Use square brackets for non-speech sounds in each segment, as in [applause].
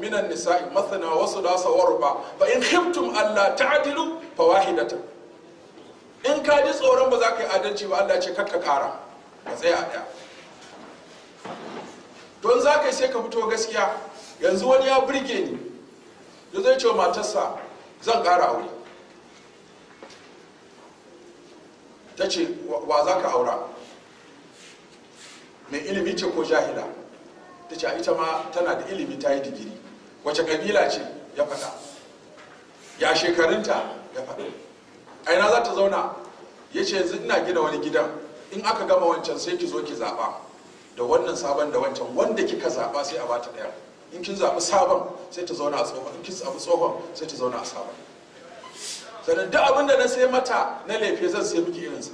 minan nisa mathna wa thulatha wa ruba fa in khiftum alla ta'dilu fawahidatan in ka ji tsoron ba za ka yi adalci ba Allah ce kakka kara ka tsaya a daya don za ka sai ka fito gaskiya yanzu wani ya burge ni da zai ce wa matarsa zan kara aure ta ce wa za ka aura mai ilimi ce ko jahila ta ce ita ma tana da ilimi ta yi digiri wace kabila ce ya faɗa ya shekarunta ya faɗa a ina za ta zauna ya ce yanzu ina gina wani gidan in aka gama wancan sai ki zo ki zaɓa da wannan sabon da wancan wanda kika zaɓa sai a ba ta ɗaya in kin zaɓi sabon sai ta zauna a tsohon in kin zaɓi tsohon sai ta zauna a sabon sannan duk abin da na sai mata na laife zan sai miki irinsa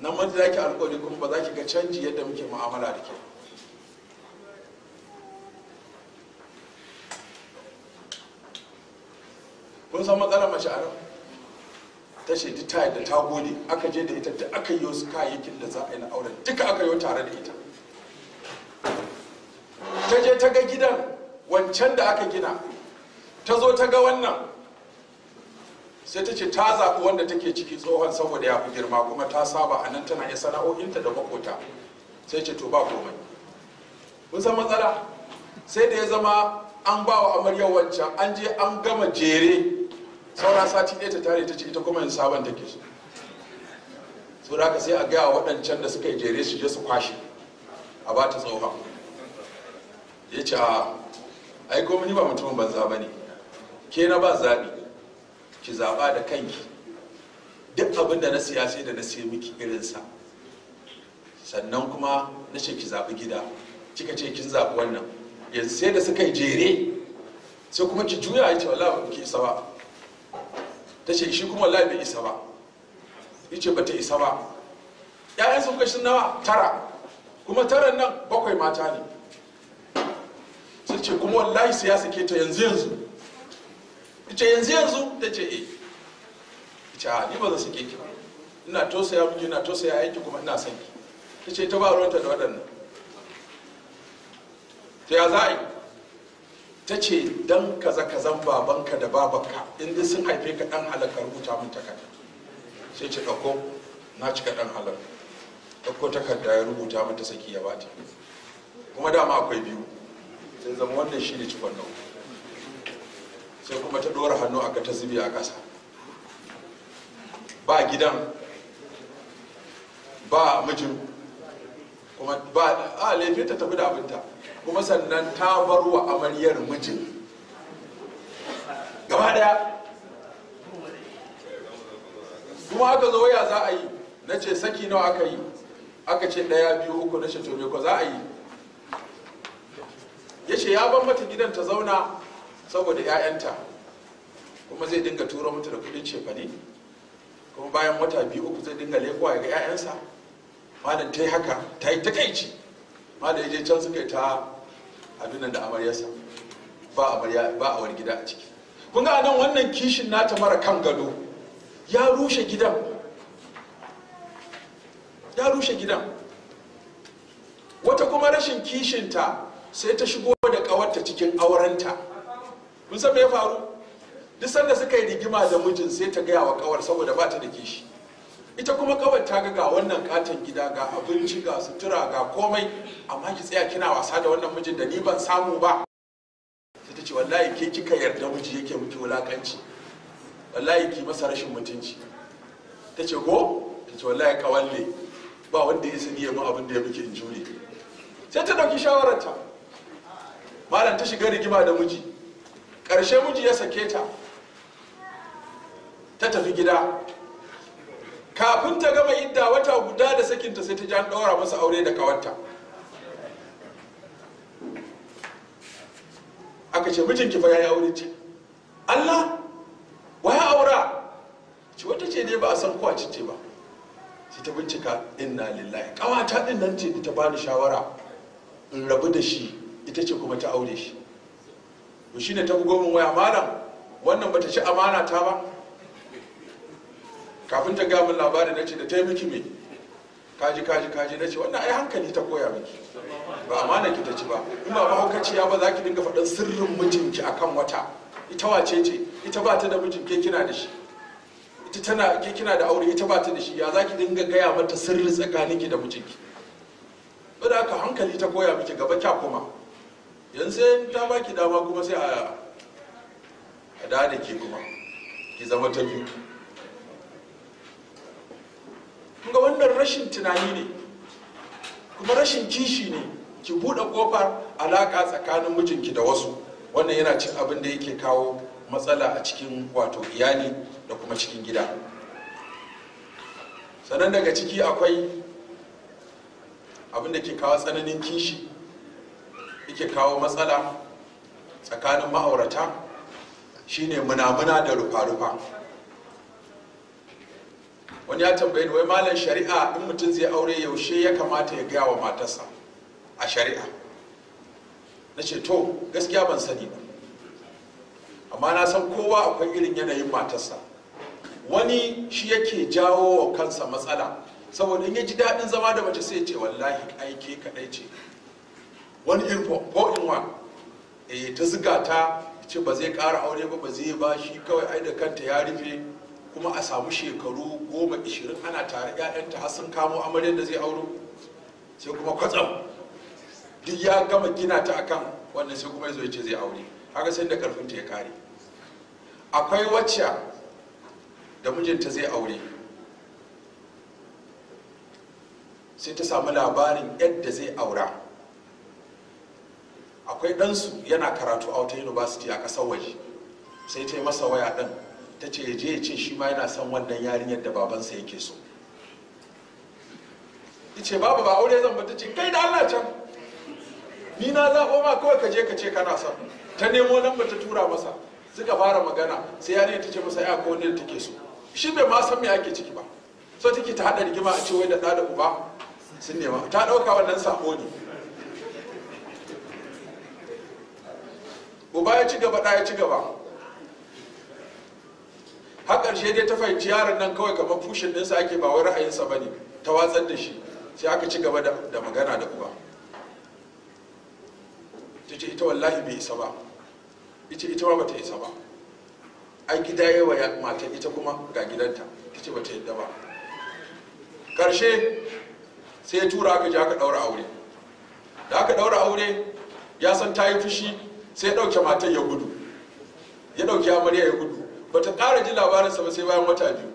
nan mun za ki alƙawari kuma ba za ki ga canji yadda muke mu'amala da ke kun san matsala mace a nan ta ce duk ta yadda ta gode aka je da ita da aka yi wasu kayayyakin da za a yi na auren duka aka yi tare da ita ta je ta ga gidan wancan da aka gina ta zo ta ga wannan sai ta ce ta zaɓi wanda take ciki tsohon saboda ya fi girma kuma ta saba a nan tana iya sana'o'inta da makota sai ce to ba komai kun san matsala sai da ya zama an ba wa amaryar wancan an je an gama jere saura sati ɗaya ta tare ta ce ita kuma yin sabon take su. su haka sai a gaya waɗancan da suka yi jere su je su kwashe a ba ta tsohon ya ce a ai ko ni ba mutumin banza ba ne ke na ba zaɓi ki zaɓa da kanki duk abin da na siya sai da na siya miki irinsa sannan kuma na ce ki zaɓi gida kika ce kin zaɓi wannan yanzu sai da suka yi jere sai kuma ki juya yi ce wala ba ki isa ba ta ce shi kuma wallahi bai isa ba yace bata isa ba ƴaƴan sun kashi nawa tara kuma taran nan bakwai mata ne sun ce kuma wallahi sai ya sake ta yanzu yanzu yace yanzu yanzu ta ce eh yace a ni ba zan sake ki ba ina tausaya miki ina tausaya aiki kuma ina son ki ta ce ta ba ruwanta da waɗannan ta ya za a yi ta ce don kaza kazan babanka da babanka inda sun haife ka dan halakar rubuta mun takarda sai ce ɗauko na cika dan halakar ɗauko takarda ya rubuta ta saki ya bata kuma dama akwai biyu sai zama wannan shi ne cikon nau sai kuma ta ɗora hannu a ta zubi a ƙasa ba gidan ba mijin kuma ba a laifin ta tafi da abinta kuma sannan ta bar wa amaryar mijin gaba daya kuma aka zo ya za a yi na ce saki nawa aka yi aka ce ɗaya biyu uku na shi to ko za a yi ya ce ya ban mata gidan ta zauna saboda 'ya'yanta kuma zai dinga tura mata da kudin cefane kuma bayan wata biyu uku zai dinga lekuwa ga 'ya'yansa malam ta yi haka ta yi takaici malam ya je can suka ta abin da da amaryarsa ba amarya ba wani gida a ciki kun ga nan wannan kishin nata mara kan gado ya rushe gidan ya rushe gidan wata kuma rashin kishinta sai ta shigo da kawarta cikin aurenta kun san me ya faru duk sanda suka yi rigima da mijin sai ta gaya wa kawar saboda ba ta da kishi ita kuma kawai ta ga wannan katin gida ga abinci ga sutura ga komai amma ki tsaya kina wasa da wannan mijin da ni ban samu ba sai ta ce wallahi ke kika yarda miji yake miki wulakanci wallahi ki masa rashin mutunci ta ce go ta ce wallahi kawalle ba wanda ya sani yamin abin da ya muke in jure sai ta dauki shawararta malam ta shiga rigima da miji ƙarshe miji ya sake ta ta tafi gida kafin ta gama idda wata guda da sakinta sai ta ji an ɗaura masa aure da kawarta aka ce mijinki fa ya yi aure ce Allah wa ya aura ce wata ce ne ba a san kowa ce ba sai ta bincika inna lillahi kawata din nan ce ta bani shawara in rabu da shi ita ce kuma ta aure shi to shine ta bugo min waya malam wannan ba ta ci amana ta ba kafin ta gamin labari na ce da ta yi miki me kaji kaji kaji na ce wannan ai hankali ta koya miki ba amana ki ta ci ba in ba mahaukaciya ba za ki dinga faɗin sirrin mijinki akan wata ita wace ce ita ba ta da mijin ke kina da shi ita tana ke kina da aure ita ba ta da shi ya za ki dinga gaya mata sirri tsakaninki da mijinki ba da haka hankali ta koya miki gaba kya kuma yanzu sai ta baki dama kuma sai a da da ke kuma ki zama ta biyu ga wannan rashin tunani ne kuma rashin kishi ne ki buɗe kofar alaƙa tsakanin mijinki da wasu wannan yana cin abin da yake kawo matsala a cikin wato iyali da kuma cikin gida Sanan daga ciki akwai abin da ke kawo tsananin kishi yake kawo matsala tsakanin ma'aurata shine munamuna da rufa-rufa wani ya tambaye ni wai malam shari'a in mutum zai aure yaushe ya kamata ya gaya wa matarsa a shari'a na ce to gaskiya ban sani ba amma na san kowa akwai irin yanayin matarsa wani shi yake jawo wa kansa matsala saboda in ya ji daɗin zama da mace sai ce wallahi aike kaɗai ce wani in ko in wa eh ta ziga ta ce ba zai ƙara aure ba ba zai ba shi kawai ai da kanta ya rufe kuma a samu shekaru goma ishirin ana tare 'ya'yanta har sun kamo amaryar da zai auro sai kuma kwatsam duk ya gama gina ta akan wannan sai kuma ya ce zai aure haka sai da karfinta ya kare akwai wacce da mijinta zai aure sai ta samu labarin yadda zai aura akwai ɗansu yana karatu a wata university a ƙasar waje sai ta yi masa waya ɗan ta ce je ya ce shi ma yana son wannan yarinyar da babansa yake so ya ce babu ba aure zan ta ce kai da allah can ni na zaɓo ma kawai ka je ka ce kana son ta nemo nan ta tura masa suka fara magana sai yarinyar ta ce masa ya ko ta take so shi bai ma san me ake ciki ba so take ta hada rigima a ce wai da uba sun nema ta dauka wannan sako ne uba ya ci gaba ɗaya ci gaba har ƙarshe dai ta fahimci yaron nan kawai kamar fushin ɗinsa ake ba wai ra'ayinsa ba ne ta watsar da shi sai aka ci gaba da magana da uba ta ce ita wallahi bai isa ba ita ita ma bata isa ba ai gida yawa ya mata ita kuma ga gidanta ta ce bata yadda ba ƙarshe sai ya tura aka je aka ɗaura aure da aka ɗaura aure ya san ta yi fushi sai ya ɗauke matan ya gudu ya ɗauke amarya ya gudu ba ta ƙara ji labarinsa ba sai bayan wata biyu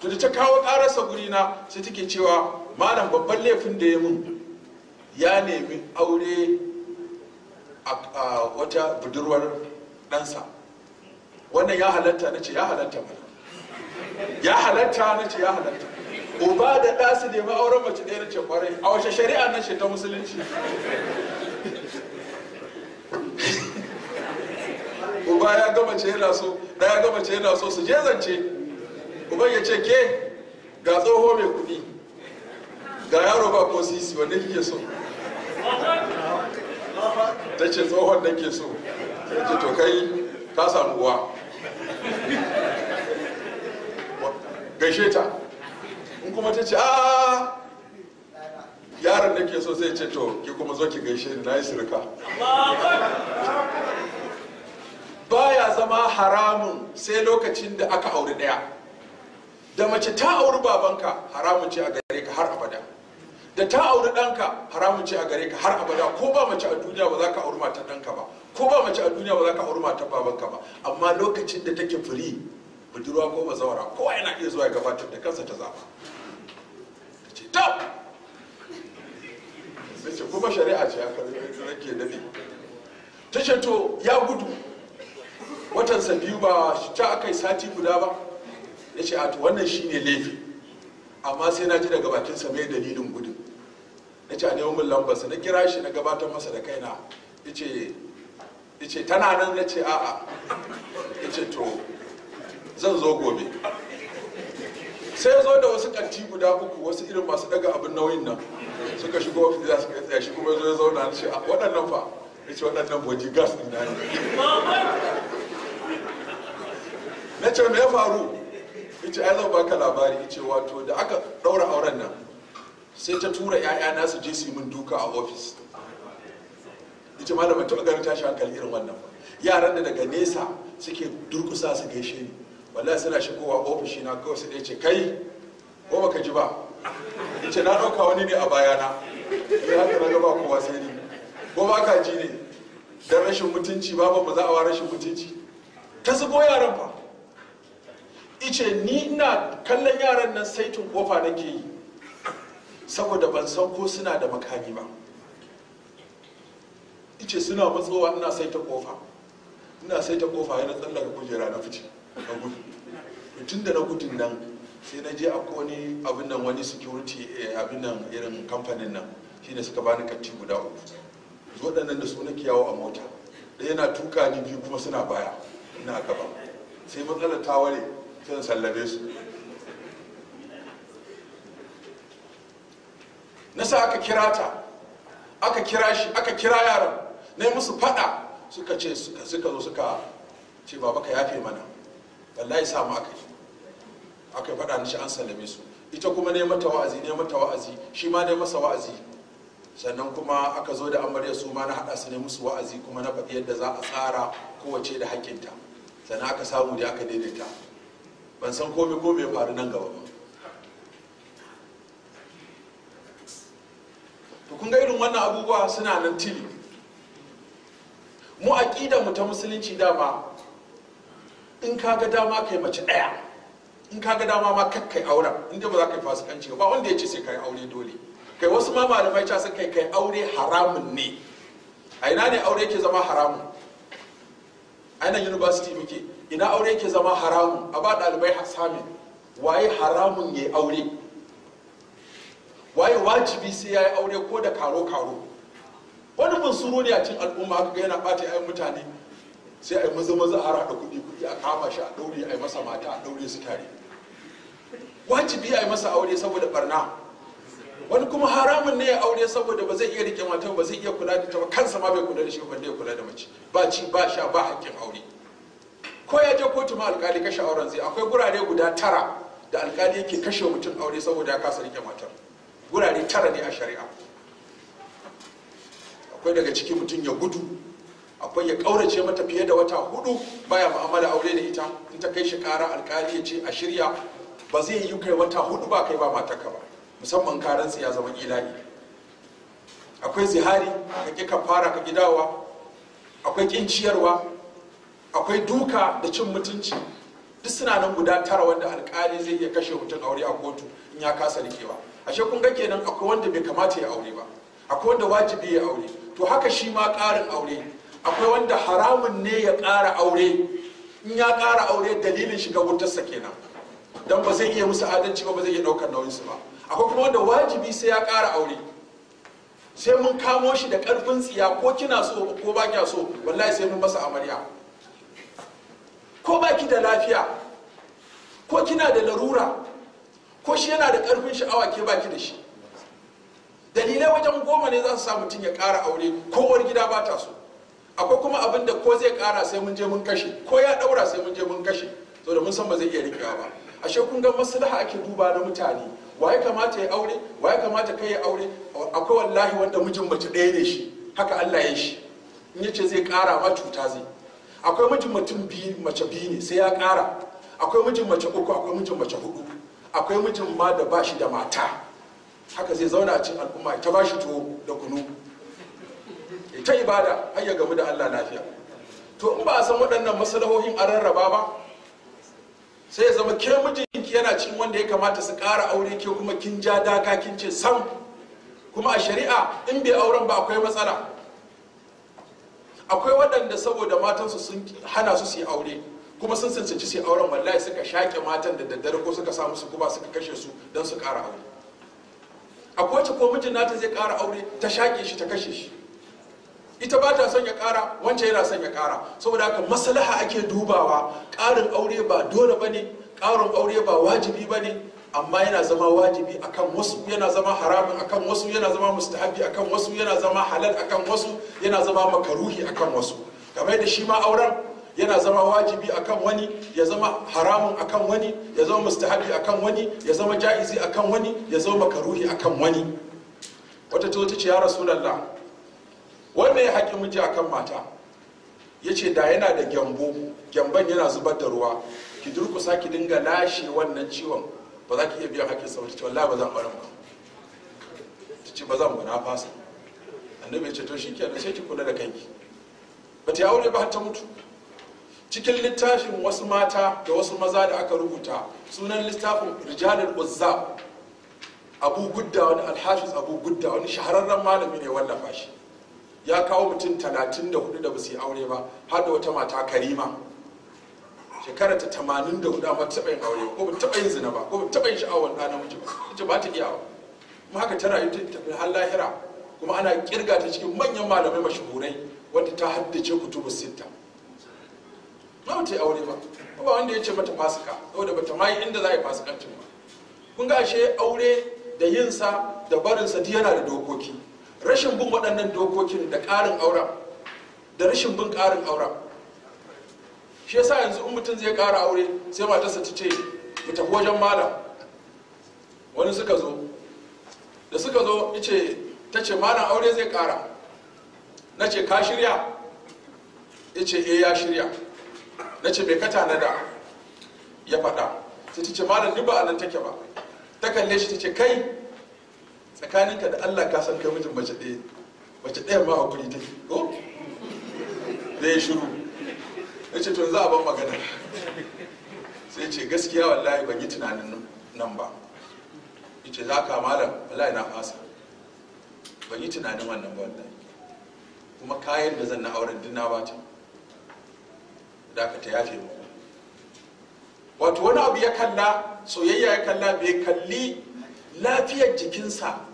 to da ta kawo ƙararsa gurina sai take cewa malam babban laifin da ya mun ya nemi aure a wata budurwar ɗansa wannan ya halatta na ce ya halatta mana ya halatta na ce ya halatta uba da ɗa su nemi auren mace ɗaya na ce kwarai a wace shari'a na ce ta musulunci uba ya gama ce yana so da ya gama ce yana so su je zance uba ya ce ke ga tsoho mai kuɗi ga yaro ba ko sisi wanda kike so ta ce tsohon da ke so ta ce to kai ka samu uwa gaishe ta in kuma ta ce a yaron da ke so zai ce to ki kuma zo ki gaishe ni na yi sirka baya zama haramun sai lokacin da aka auri ɗaya da mace ta auri babanka haramun ce a gare ka har abada da ta auri ɗanka haramun ce a gare ka har abada ko ba mace a duniya ba za ka auri matar ɗanka ba ko ba mace a duniya ba za ka auri matar babanka ba amma lokacin da take firi budurwa ko bazawara kowa yana iya zuwa ya gabatar da kansa ta zaba ta ce ta ce kuma shari'a ce aka rake nabi ta ce to ya gudu watansa biyu ba ta aka yi sati guda ba ya ce to wannan shi ne laifi amma sai na ji daga bakinsa mai dalilin gudun Ya ce a neman mun lambarsa na kira shi na gabatar masa da kaina ya ce tana nan na ce a'a ya ce to zan zo gobe sai zo da wasu kanti guda uku wasu irin masu daga abin nauyin nan suka shigo ofis za su kai tsaye shi kuma zo ya zauna na ce waɗannan fa ya ce waɗannan boji gas ɗin na ne na ce me ya faru ce ai zan baka labari ce wato da aka ɗaura auren nan sai ta tura 'ya'yana su je su yi min duka a ofis ce malamin ta ganin tashi hankali irin wannan yaran da daga nesa suke durkusa su gaishe ni wallahi suna shigowa ofishi na kawai su ɗaya ce kai ko baka ji ba ce na ɗauka wani ne a bayana ya haka na gaba kowa sai ni ko ba ka ji ne Da rashin mutunci babu ba za a wa rashin mutunci ta zubo yaran fa ice ni ina kallon yaran nan saitin kofa nake yi saboda ban san ko suna da makami ba ice suna matsowa ina saita kofa ina saita kofa yana ga kujera na fice na gudu tun da na gudun nan sai na je a koni abin nan wani security eh, abin nan irin kamfanin nan shine suka bani kanti guda uku waɗannan da su na kiyawo a mota ɗaya na tuka ni biyu kuma suna baya ina haka ba sai matsala ta ware sai sallabe su na sa aka kira ta aka kira shi aka kira yaran na yi musu fada suka ce suka zo suka ce baba ka yafe mana wallahi sa mu aka yi aka fada ni shi an sallame su ita kuma ne mata wa'azi ne mata wa'azi shi ma ne masa wa'azi sannan kuma aka zo da amarya su ma na hada su ne musu wa'azi kuma na faɗi yadda za a tsara kowace da hakinta sannan aka samu da aka daidaita ban san komai komai faru nan gaba ba to kun ga irin wannan abubuwa suna nan tili mu aƙida mu ta musulunci dama in ka ga dama kai mace ɗaya in ka ga dama ma kakkai auren dai ba za ka yi fasikanci ba wanda ya ce sai kai aure dole kai wasu ma malamai ca sai kai kai aure haramun ne a ina ne aure ke zama haramun ainihin university muke ina aure ke zama haramun a ba ɗalibai hasamin waye haramun ya aure waye wajibi sai ya yi aure ko da karo-karo wani mansuro ne a cin al'umma haka ga yana ɓata yayin mutane sai a yi maza-maza a haɗa kuɗi kuɗi a kama shi a ɗaure a yi masa mata a ɗaure su tare wajibi a yi masa aure saboda barna wani kuma haramun ne ya aure saboda ba zai iya rike matan ba zai iya kula da ta ba kansa ma bai kula da shi wanda ya kula da mace ba ci ba sha ba hakkin aure ko ya je kotu ma alkali kashe auren zai akwai gurare guda tara da alkali yake kashe mutum aure saboda ya kasa rike matar gurare tara ne a shari'a akwai daga cikin mutum ya gudu akwai ya kaurace mata fiye da wata hudu baya mu'amala aure da ita in ta kai shi kara alkali ya ce a shirya ba zai yi kai wata hudu ba kai ba matarka ba musamman karansu ya zama ilahi akwai zihari ka ƙi kafara ka gidawa akwai ƙin ciyarwa akwai duka da cin mutunci duk suna nan guda tara wanda alƙali zai iya kashe mutum aure a kotu in ya kasa rikewa ashe kun ga kenan akwai wanda bai kamata ya aure ba akwai wanda wajibi ya aure to haka shi ma ƙarin aure akwai wanda haramun ne ya ƙara aure in ya ƙara aure dalilin shiga wutarsa kenan don ba zai iya musu adalci ba ba zai iya ɗaukar nauyinsu ba akwai kuma wanda wajibi sai ya kara aure sai mun kamo shi da ƙarfin tsiya ko kina so ko ba kya so wallahi sai mun masa amarya ko baki da lafiya ko kina da larura ko shi yana da ƙarfin sha'awa ke baki da shi dalilai wajen goma ne za su sa mutum ya ƙara aure ko uwar gida ba ta so akwai kuma abin da ko zai kara sai mun je mun kashe ko ya ɗaura sai mun je mun kashe saboda mun san ba zai iya rikewa ba ashe kun ga maslaha ake duba na mutane Wa ya kamata ya aure Wa ya kamata kai ya aure akwai wallahi wanda mijin mace ɗaya ne shi haka Allah ya shi in yace zai kara, ma cuta zai akwai mijin mutum biyu mace biyu ne sai ya kara. akwai mijin mace uku akwai mijin mace hudu akwai mijin ma da ba shi da mata haka zai zauna a cikin al'umma ta ba shi tuwo da kunu ta ibada har ya gamu da Allah lafiya to in ba a san waɗannan masalahohin a rarraba ba sai ya zama ke mijinki yana cikin wanda ya kamata su kara aure ke kuma kin ja daga kin ce sam kuma a shari'a in bai auren ba akwai matsala akwai waɗanda saboda matansu sun hana su su aure kuma sun tsinci su auren wallahi suka shaƙe matan da daddare ko suka samu su guba suka kashe su don su kara aure akwai wacce ko mijin nata zai ƙara aure ta shaƙe shi ta kashe shi ita ba ta son ya kara wancan yana son ya kara saboda haka maslaha ake dubawa karin aure ba dole ba ne ƙarin aure ba wajibi ba ne amma yana zama wajibi akan wasu yana zama haramun akan wasu yana zama mustahabi akan wasu yana zama halal akan wasu yana zama makaruhi akan wasu kamar da shi ma auren yana zama wajibi akan wani ya zama haramun akan wani ya zama mustahabi akan wani ya zama ja'izi akan wani ya zama makaruhi akan wani wata ta ce ya rasulullah wanda ya haƙi miji akan mata ya ce da yana da gyambo gyamban yana zubar da ruwa ki durkusa ki dinga lashe wannan ciwon ba za ki iya biyan haƙƙin sa ce wallahi ba zan barin ba ta ce ba zan ba na fasa annabi ya ce to shi kenan sai ki kula da kanki ba ta aure ba har ta mutu cikin littafin wasu mata da wasu maza da aka rubuta sunan littafin rijalul uzza abu gudda wani alhafiz abu gudda wani shahararren malami ne wallafa shi ya kawo mutum talatin da hudu da ba su yi aure ba har da wata mata karima shekara ta tamanin da hudu amma taɓa yin aure ko ba taɓa yin zina ba ko ba taɓa yin sha'awar ɗana namiji ba ita ba ta iya ba kuma haka ta rayu ta tafi har lahira kuma ana kirga ta cikin manyan malamai mashahurai wanda ta haddace kutubu sitta ba ta yi aure ba ko ba wanda ya ce mata fasika saboda ba ta ma yi inda za a yi fasikancin ba kun ga ashe aure da yinsa da barinsa duk yana da dokoki rashin bin waɗannan dokokin da ƙarin auren da rashin bin ƙarin auren shi yasa yanzu in mutum zai ƙara aure sai matarsa ta ce mu tafi wajen malam wani suka zo da suka zo ice ta ce malam aure zai ƙara na ce ka shirya ice eh ya shirya na ce bai kata na da ya faɗa sai ta ce malam duk ba a nan take ba ta kalle shi ta ce kai tsakaninka da Allah ka san kai mijin mace ɗaya mace ɗaya ma hakuri take ko zai shiru ya ce tun za a ban magana sai ce gaskiya wallahi ban yi tunanin nan ba ya ce za ka malam wallahi na fasa ban yi tunanin wannan ba wallahi kuma kayan da zan na auren dina ba ta da aka ta yafe mu wato wani abu ya kalla soyayya ya kalla bai kalli lafiyar jikinsa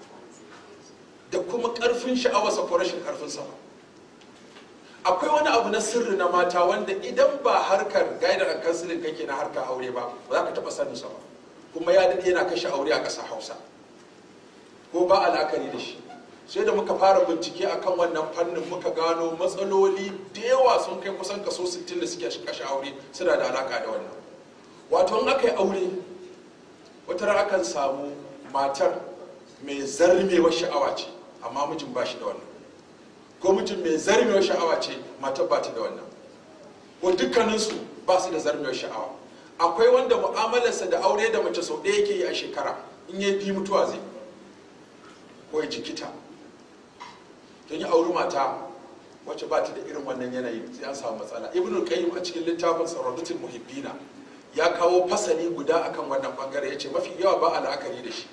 da kuma karfin sha'awarsa ko rashin karfin ba akwai wani abu na sirri na mata wanda idan ba harkar gaidar a kake na harkar aure ba ba za ka taɓa sanin sa ba kuma ya dade yana kashe aure a ƙasar hausa ko ba al'akari da shi sai da muka fara bincike akan wannan fannin muka gano matsaloli da yawa sun kai kusan kaso 60 da suke kashe aure suna da alaka da wannan wato in aka yi aure wata akan samu matar mai zarmewar sha'awa ce amma mijin ba shi da wannan ko mijin mai zarmiyar sha'awa ce mata ba ta da wannan ko dukkaninsu ba su da zarmiyar sha'awa akwai wanda mu'amalarsa da aure da mace sau ɗaya yake yi a shekara in ya bi mutuwa zai ko ya jikita don ya auri mata wacce ba ta da irin wannan yanayi sai an samu matsala ibnul qayyim a cikin littafin sarrafatul muhibbina ya kawo fasali guda akan wannan bangare ya ce mafi yawa ba la'akari da shi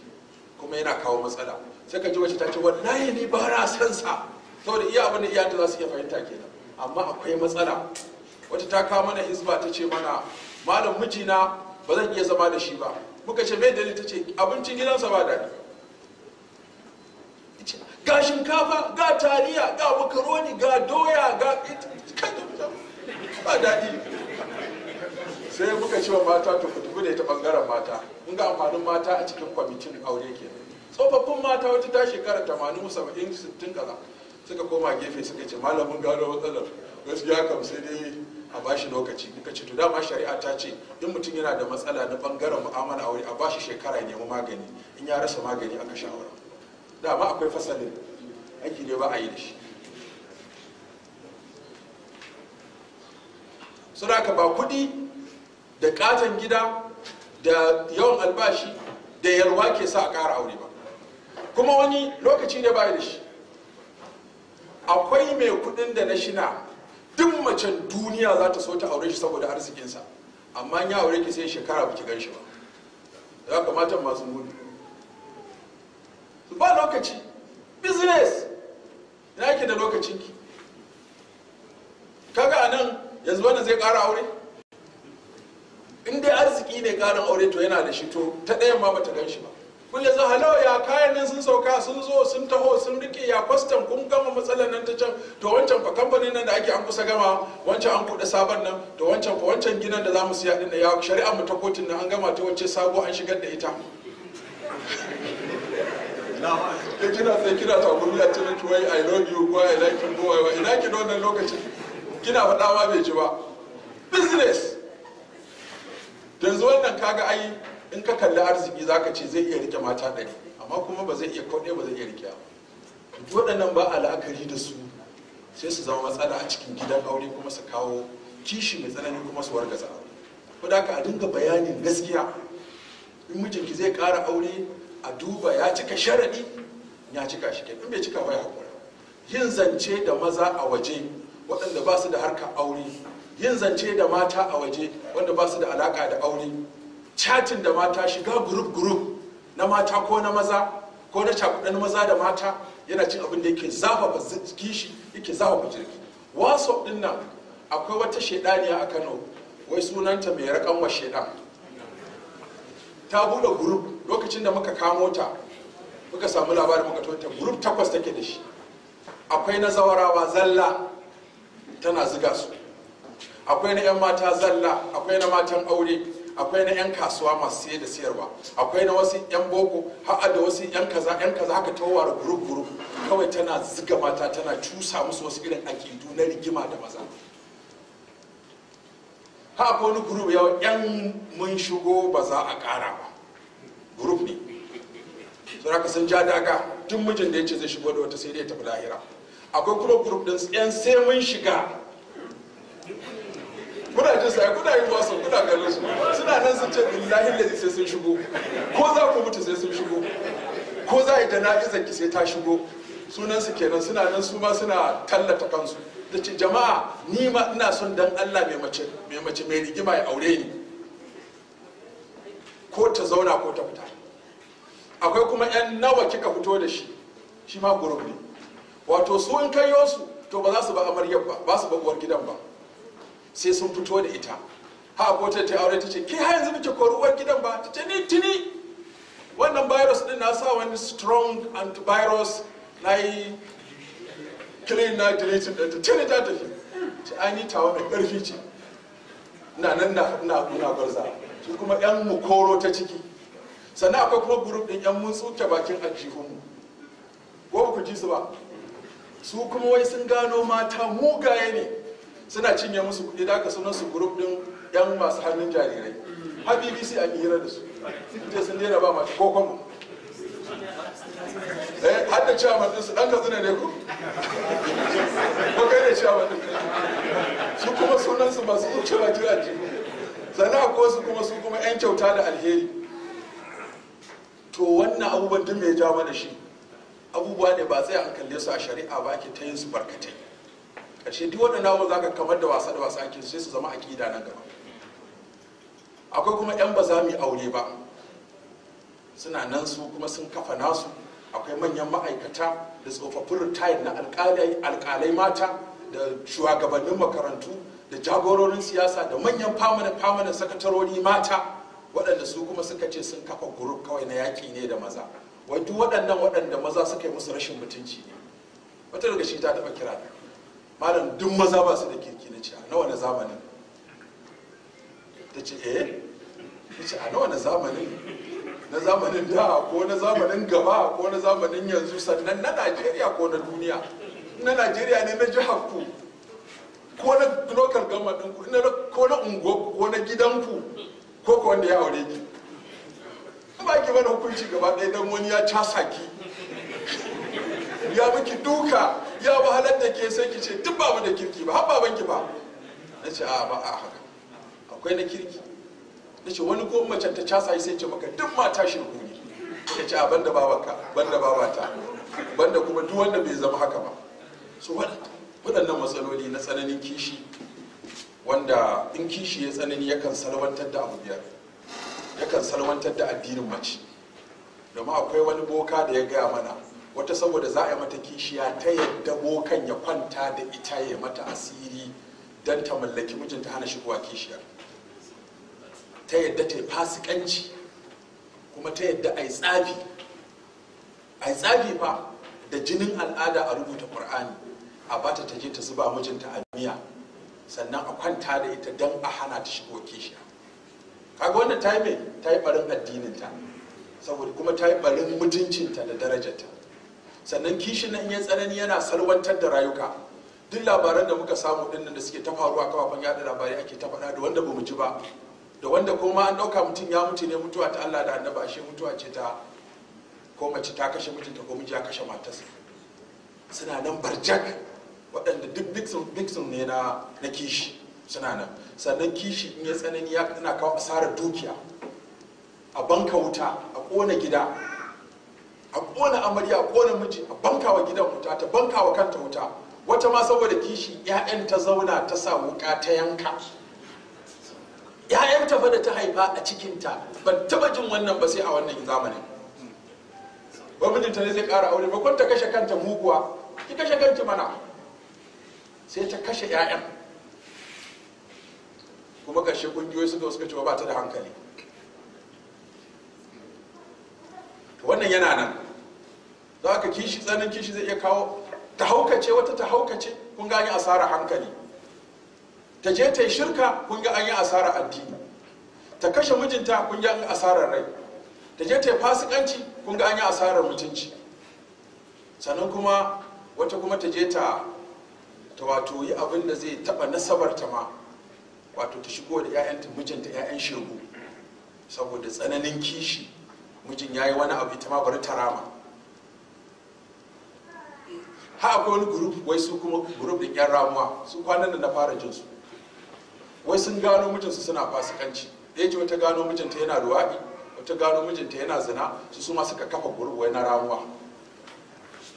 kuma yana kawo matsala sai ka ji wacce ta ce wallahi ni ba na san sa saboda iya abin da za su iya fahimta kenan amma akwai matsala wata ta kawo mana hizba ta ce mana malam mijina ba zan iya zama da shi ba muka ce mai dalil ta ce abincin gidansa ba daɗi ga shinkafa ga taliya ga makaroni ga doya ga ba daɗi sai muka ce wa mata ta ku da ita bangaren mata in ga amfanin mata a cikin kwamitin aure ke tsofaffin mata wata ta shekara tamanin saba'in sittin kaza suka koma gefe suka ce malamin gano matsalar gaskiya kam sai dai a bashi lokaci muka ce to dama shari'a ta ce in mutum yana da matsala na bangaren mu'amala aure a bashi shekara ya nemi magani in ya rasa magani aka shawara dama akwai fasalin aiki ne ba a yi da shi suna ka ba kudi da katon gida da yawan albashi da yalwa ke sa a ƙara aure ba kuma wani lokaci ne bayan da shi akwai mai kudin da na shina duk macen duniya za ta so ta aure shi saboda arzikinsa amma ya aure ki sai shekara ba ki gan shi ba ya kamata masu muni ba lokaci business ina ki da lokacinki kaga anan yanzu wannan zai kara aure in dai arziki ne karin aure to yana da shi to ta ɗayan ma bata gan shi ba ya zo halau ya kayan nan sun sauka sun zo sun taho sun rike ya kwastam kun gama matsalar nan ta can to wancan fa kamfanin nan da ake an kusa gama wancan an kuɗa sabon nan to wancan fa wancan gidan da za mu siya din ya shari'ar mu ta kotun nan an gama ta wacce sabo an shigar da ita ke kina sai kina ta gurbi a cikin tuwai i love you ko i like you ko ina ki wannan lokacin kina faɗa ma bai ji ba business yanzu wannan kaga ai in ka kalli arziki zaka ce zai iya rike mata ɗari amma kuma ba zai iya kwaɗe ba zai iya rike waɗannan ba la'akari da su sai su zama matsala a cikin gidan aure kuma su kawo kishi mai tsanani kuma su wargaza ko da a dinga bayanin gaskiya in mijinki zai ƙara aure a duba ya cika sharaɗi ya cika shi in bai cika ba ya hakura yin zance da maza a waje waɗanda ba su da harkar aure yin zance da mata a waje wanda ba su da alaka da aure chatin da mata shiga gurup gurup na mata ko na maza ko na cakudan maza da mata yana cin abin da yake zafafa shi yake zafafa jirgi wasu din nan akwai wata shaidaniya a kano wai sunanta mai rakan wa ta bude guruf, lokacin da muka kamo ta muka samu labarin muka tota gurup takwas take da shi akwai na zawarawa zalla tana ziga su akwai na 'yan mata zalla akwai na matan aure akwai na 'yan kasuwa masu siye da siyarwa akwai na wasu 'yan boko har da wasu 'yan kaza 'yan kaza haka ta wawar gurub gurub kawai tana ziga mata tana cusa musu wasu irin akidu na rigima da maza ha akwai wani gurub yau 'yan mun shigo ba za a kara ba gurub ne ka sun ja daga duk mijin da ya ce zai shigo da wata sai dai ta tafi lahira akwai kuma gurub din 'yan sai mun shiga kuna jin sa kuna yin wasu kuna ganin su suna nan sun ce billahi lazi sai sun shigo ko za ku mutu sai sun shigo ko za a yi ki sai ta shigo sunan su kenan suna nan su ma suna tallata kansu da ce jama'a ni ma ina son dan Allah mai mace mai mace mai rigima ya aure ni ko ta zauna ko ta fita akwai kuma yan nawa kika fito da shi shi ma gurbi wato su in kai su to ba za su ba amaryar ba ba su ba uwar gidan ba sai sun fito da ita ha abota ta aure ta ce ke ha yanzu muke kori gidan ba ta ce ni tini wannan virus din na sa wani strong antivirus na yi clean na dilitin ɗin ta tuni ta tafi ta an yi tawa mai ƙarfi ce na nan na na na gwarza su kuma yan mu koro ta ciki sannan akwai kuma group din yan mun tsuke bakin aljihunmu ko ku ji su ba su kuma wai sun gano mata mugaye ne suna cinye musu kuɗi da aka sunan su group din yan masu hannun jarirai har bbc a hira da su ita sun daina ba mace ko kwamo eh har da ciyaman din su dan ka zina ne ku ko kai da ciyaman din su kuma sunan su masu tsuce ba jira ji sana ko su kuma su kuma yan kyauta da alheri to wannan abubuwan duk mai ja mana shi abubuwa ne ba sai an kalle su a shari'a ba ke ta yin su barkatai ƙarshe duk wanda abubuwan za ka kamar da wasa da wasa ake sai su zama aƙida na gaba akwai kuma 'yan ba za mu aure ba suna nan su kuma sun kafa nasu akwai manyan ma'aikata da tsofaffin ritayin na alƙalai mata da shugabannin makarantu da jagororin siyasa da manyan famanin sakatarori mata waɗanda su kuma suka ce sun kafa gurup kawai na yaƙi ne da maza wai duk waɗannan waɗanda maza suka yi musu rashin mutunci ne wata daga shi ta taɓa kira ne. malam duk maza ba su da kirki na ce a nawa na zamanin ta ce eh ta ce a nawa na zamanin na zamanin da ko na zamanin gaba ko na zamanin yanzu sannan na najeriya ko na duniya na najeriya ne na jihar ku ko na local government ko na ungo ko na gidanku ko ko wanda ya aure ki ba ki mana hukunci gaba ɗaya don wani ya casa ki ya miki duka ya ba halar da ke sai ki ce duk babu da kirki ba har baban ki ba na ce a ba a haka akwai na kirki na ce wani ko mace ta casa sai ce maka duk mata shi ne ya ce a banda babanka banda babata banda kuma duk wanda bai zama haka ba so waɗannan matsaloli na tsananin kishi wanda in kishi ya tsanani yakan salwantar da abu biyar yakan salwantar da addinin mace domin akwai wani boka da ya gaya mana wata saboda za a yi mata kishiya ta yadda bokan ya kwanta da ita ya mata asiri don ta mallaki mijinta hana shigowa kishiyar ta yadda ta yi fasikanci kuma ta yadda a yi tsafi a yi tsafi ba da jinin al'ada a rubuta Kur'ani a bata ta je ta zuba mijinta a miya sannan a kwanta da ita don a hana ta shigo kishiya kaga wannan ta yi mai ta yi barin addininta saboda kuma ta yi barin mutuncinta da darajarta sannan kishin nan ya tsanani yana salwantar da rayuka duk labaran da muka samu din da suke ta faruwa kafafen yada labarai ake ta faɗa da wanda bamu ji ba da wanda kuma an ɗauka mutum ya mutu ne mutuwa ta Allah da annaba shi mutuwa ce ta ko mace ta kashe mutunta ko miji ya kashe matarsa suna nan barjak waɗanda duk vixen ne na na kishi suna nan sannan kishi in ya tsanani ya kawo asarar dukiya a banka wuta a kona gida a kona amarya a kona miji a bankawa gidan wuta ta bankawa kanta wuta wata ma saboda kishi 'ya'yan ta zauna ta sa wuka ta yanka ‘ya'yanta ta da ta haifa a cikinta ban taba jin wannan ba sai a wannan zamanin ba mijinta ne zai kara aure ba ta kashe kanta muguwa ki kashe kanki mana sai ta kashe ‘ya'yan kuma ƙarshe ƙungiyoyi suka suka kacewa ba ta da hankali wannan yana nan za ka kishi tsanin kishi zai iya kawo ta haukace wata ta haukace kun ga an yi asara hankali ta je ta yi shirka kun ga an yi asara addini ta kashe mijinta kun ga an yi asarar rai ta je ta yi fasikanci kun ga an yi asarar mutunci sannan kuma wata kuma ta je ta ta wato yi abin da zai taba nasabar ta ma wato ta shigo da 'ya'yanta mijinta 'ya'yan shegu saboda tsananin kishi mijin ya yi wani abu ita ma bari ta rama ha akwai wani gurup wai su kuma gurup din yan ramuwa su kwanan da na fara jin su wai sun gano mijinsu suna fasikanci ɗaya ce wata gano mijinta yana ruwaɗi wata gano mijinta yana zina su suma suka kafa gurup wai na ramuwa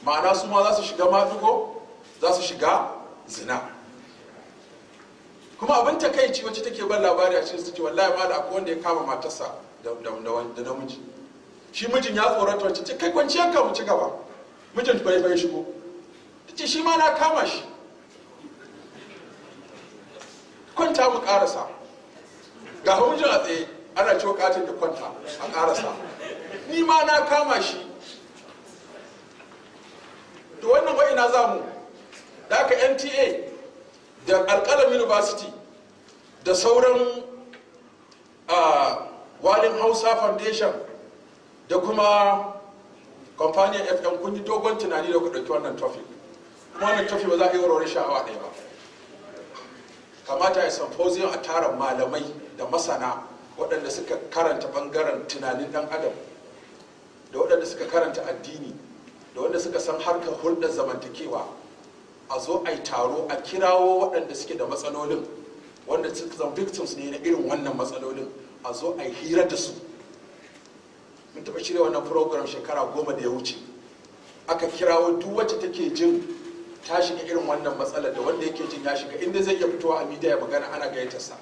ma'ana su ma za su shiga mafigo za su shiga zina kuma abin takaici wacce take ban labari a cikin su ce wallahi ma da akwai wanda ya kama matarsa da namiji shi mijin ya tsorata wacce ce kai kwanciyar kamar ci gaba mijin bai bai shigo ce shi ma na kama shi kwanta mu karasa ga mijin a tsaye ana ciwo katin da kwanta a karasa ni ma na kama shi da wannan wa'ina za mu da aka nta da alkalam university da sauran ah, walin hausa foundation da kuma kamfaniyar fm kun yi dogon tunani da ku ɗauki wannan tofi kuma wannan tofi ba za a yi wurin sha'awa ɗaya ba kamata ya symposium a tara malamai da masana waɗanda suka karanta ɓangaren tunanin ɗan adam da waɗanda suka karanta addini da waɗanda suka san harkar hulɗar zamantakewa a zo a yi taro a kirawo waɗanda suke da matsalolin wanda suka zan victims ne na irin wannan matsalolin a zo a yi hira da su in taɓa shirya wannan program shekara goma da ya wuce aka kirawo duk wacce take jin ta shiga irin wannan matsalar da wanda yake jin ya shiga inda zai iya fitowa a media ya magana ana gayyatar sa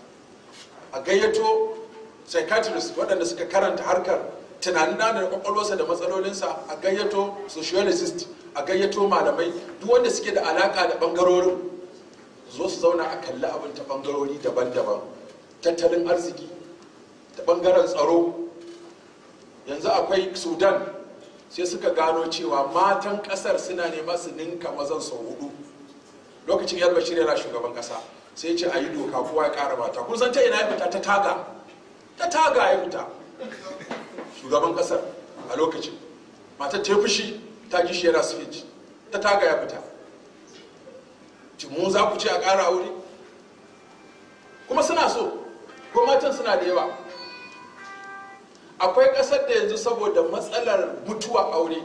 a gayyato psychiatrist waɗanda suka karanta harkar tunanin na da kwakwalwarsa da matsalolinsa a gayyato sociologist a gayyato malamai duk wanda suke da alaka da bangarorin zo su zauna a kalli abin ta bangarori daban-daban tattalin arziki da bangaren tsaro yanzu akwai sudan sai suka gano cewa matan kasar suna nema su ninka mazan sau hudu lokacin yar bashir yana shugaban kasa sai ce a yi doka kowa ya kara mata kun san ta ina ya fita ta taga ta taga ya fita shugaban kasar a lokacin mata ta fushi ta ji shi yana speech ta taga ya fita mu za ku ce a kara wuri kuma suna so ko matan suna da yawa akwai ƙasar da yanzu saboda matsalar mutuwa aure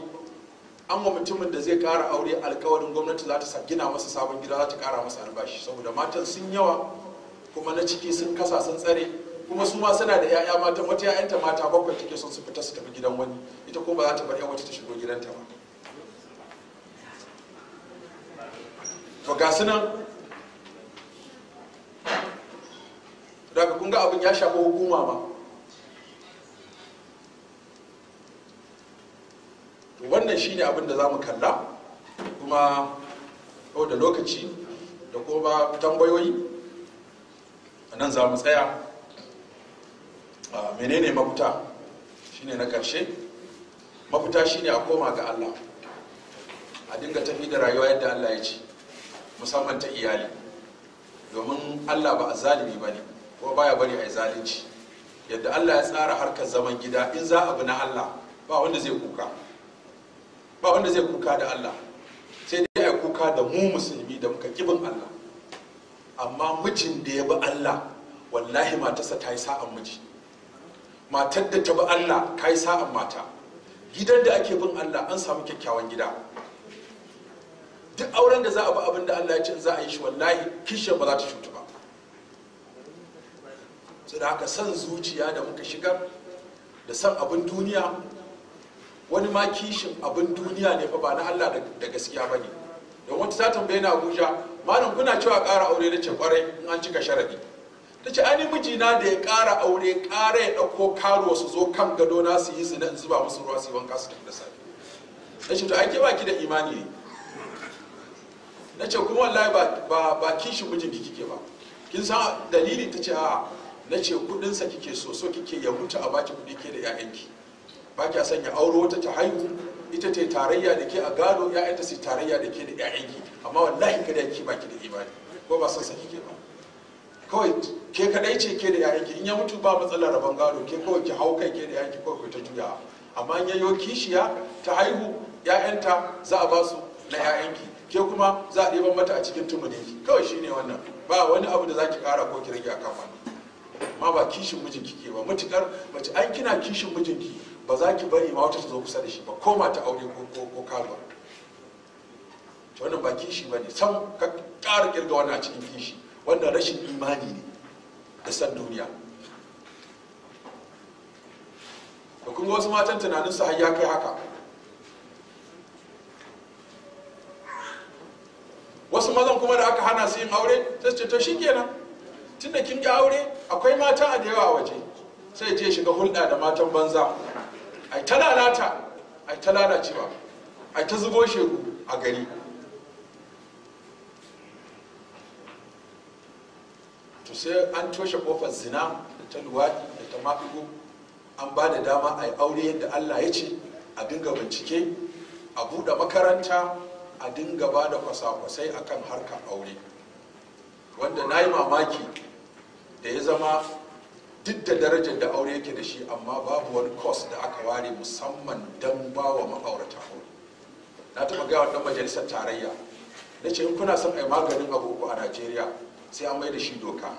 an wa mutumin da zai ƙara aure alkawarin gwamnati za ta gina masa sabon gida za ta ƙara masa albashi saboda matan sun yawa kuma na ciki sun kasa sun tsare kuma su ma suna da 'ya'ya mata wata 'ya'yanta mata bakwai take son su fita su tafi gidan wani ita ko ba za ta bar 'yan ta shigo gidanta ba to ga su nan daga kun ga abin ya shafi hukuma ba to wannan shine abin da za mu kalla kuma yau da lokaci da kuma tambayoyi a nan za mu tsaya menene mafita shine na ƙarshe mafita shine a koma ga allah a dinga tafi da rayuwa yadda allah ya ce musamman ta iyali domin allah ba a zalimi ba ne ko baya bari a yi zalunci yadda allah ya tsara harkar zaman gida in za abu na allah ba wanda zai kuka ba wanda zai kuka da Allah sai dai ya kuka da mu musulmi da muka kibin Allah amma mijin da ya bi Allah wallahi matarsa ta yi sa'an miji matar da ta bi Allah kayi sa'an mata gidan da ake bin Allah an samu kyakkyawan gida duk auren da za a bi abin da Allah ya ce za a yi shi wallahi kishiyar ba za ta cutu ba su da haka son zuciya da muka shigar da san abin duniya wani ma kishin abin duniya ne fa ba na Allah da gaskiya ba ne don wata ta tambaye na abuja malam kuna cewa ƙara aure da ce kwarai in an cika sharadi ta ce ani mijina da ya ƙara aure ƙara ya ɗauko karuwa su zo kan gado na su yi zina in zuba musu ruwa su yi wanka su tafi da safe na ce to ake baki ki da imani ne na ce kuma wallahi ba kishin mijinki kike ba kin san dalili ta ce a na ce sa kike so so kike ya mutu a baki kudi ke da 'ya'yanki ba kya sanya auro wata ta haihu ita ta tarayya da ke a gado ya'yanta su tarayya da ke da ya'yanki amma wallahi kada ki baki da imani ko ba son saki ke ba kawai ke kadai ce ke da ya'yanki in ya mutu ba matsalar rabon gado ke kawai ki hau kai ke da ya'yanki kawai ta juya amma in yayo kishiya ta haihu ya'yanta za a ba su na ya'yanki ke kuma za a ɗeban mata a cikin tumuni kawai shine wannan ba wani abu da za ki kara ko ki rage a kan ma ba kishin mijinki ke ba matukar mace an kina kishin mijinki ba za ki bari ma wata ta zo kusa da shi ba koma ta aure ko kalwa to wannan ba kishi ba ne sam ka ƙara kirga wannan a cikin kishi wanda rashin imani ne da san duniya da kuma wasu matan tunanin su har ya kai haka wasu mazan kuma da aka hana su yin aure ta ce to shi kenan tunda kin ga aure akwai mata a da yawa waje sai je shiga hulɗa da matan banza ai ta lalata ai ta lalacewa ai ta zubo shegu a gari to sai an toshe kofar zina da ta luwaɗi da ta maɗigo an ba da dama a yi aure yadda allah ya ce a dinga bincike a buɗe makaranta a dinga ba da kwasa-kwasai akan harkar aure wanda na yi mamaki da ya zama duk da darajar da aure yake da shi amma babu wani kos da aka ware musamman don ba wa ma'aurata aure na taɓa gaya wannan majalisar tarayya na ce in kuna son a yi maganin abubuwa a najeriya sai an mai da shi doka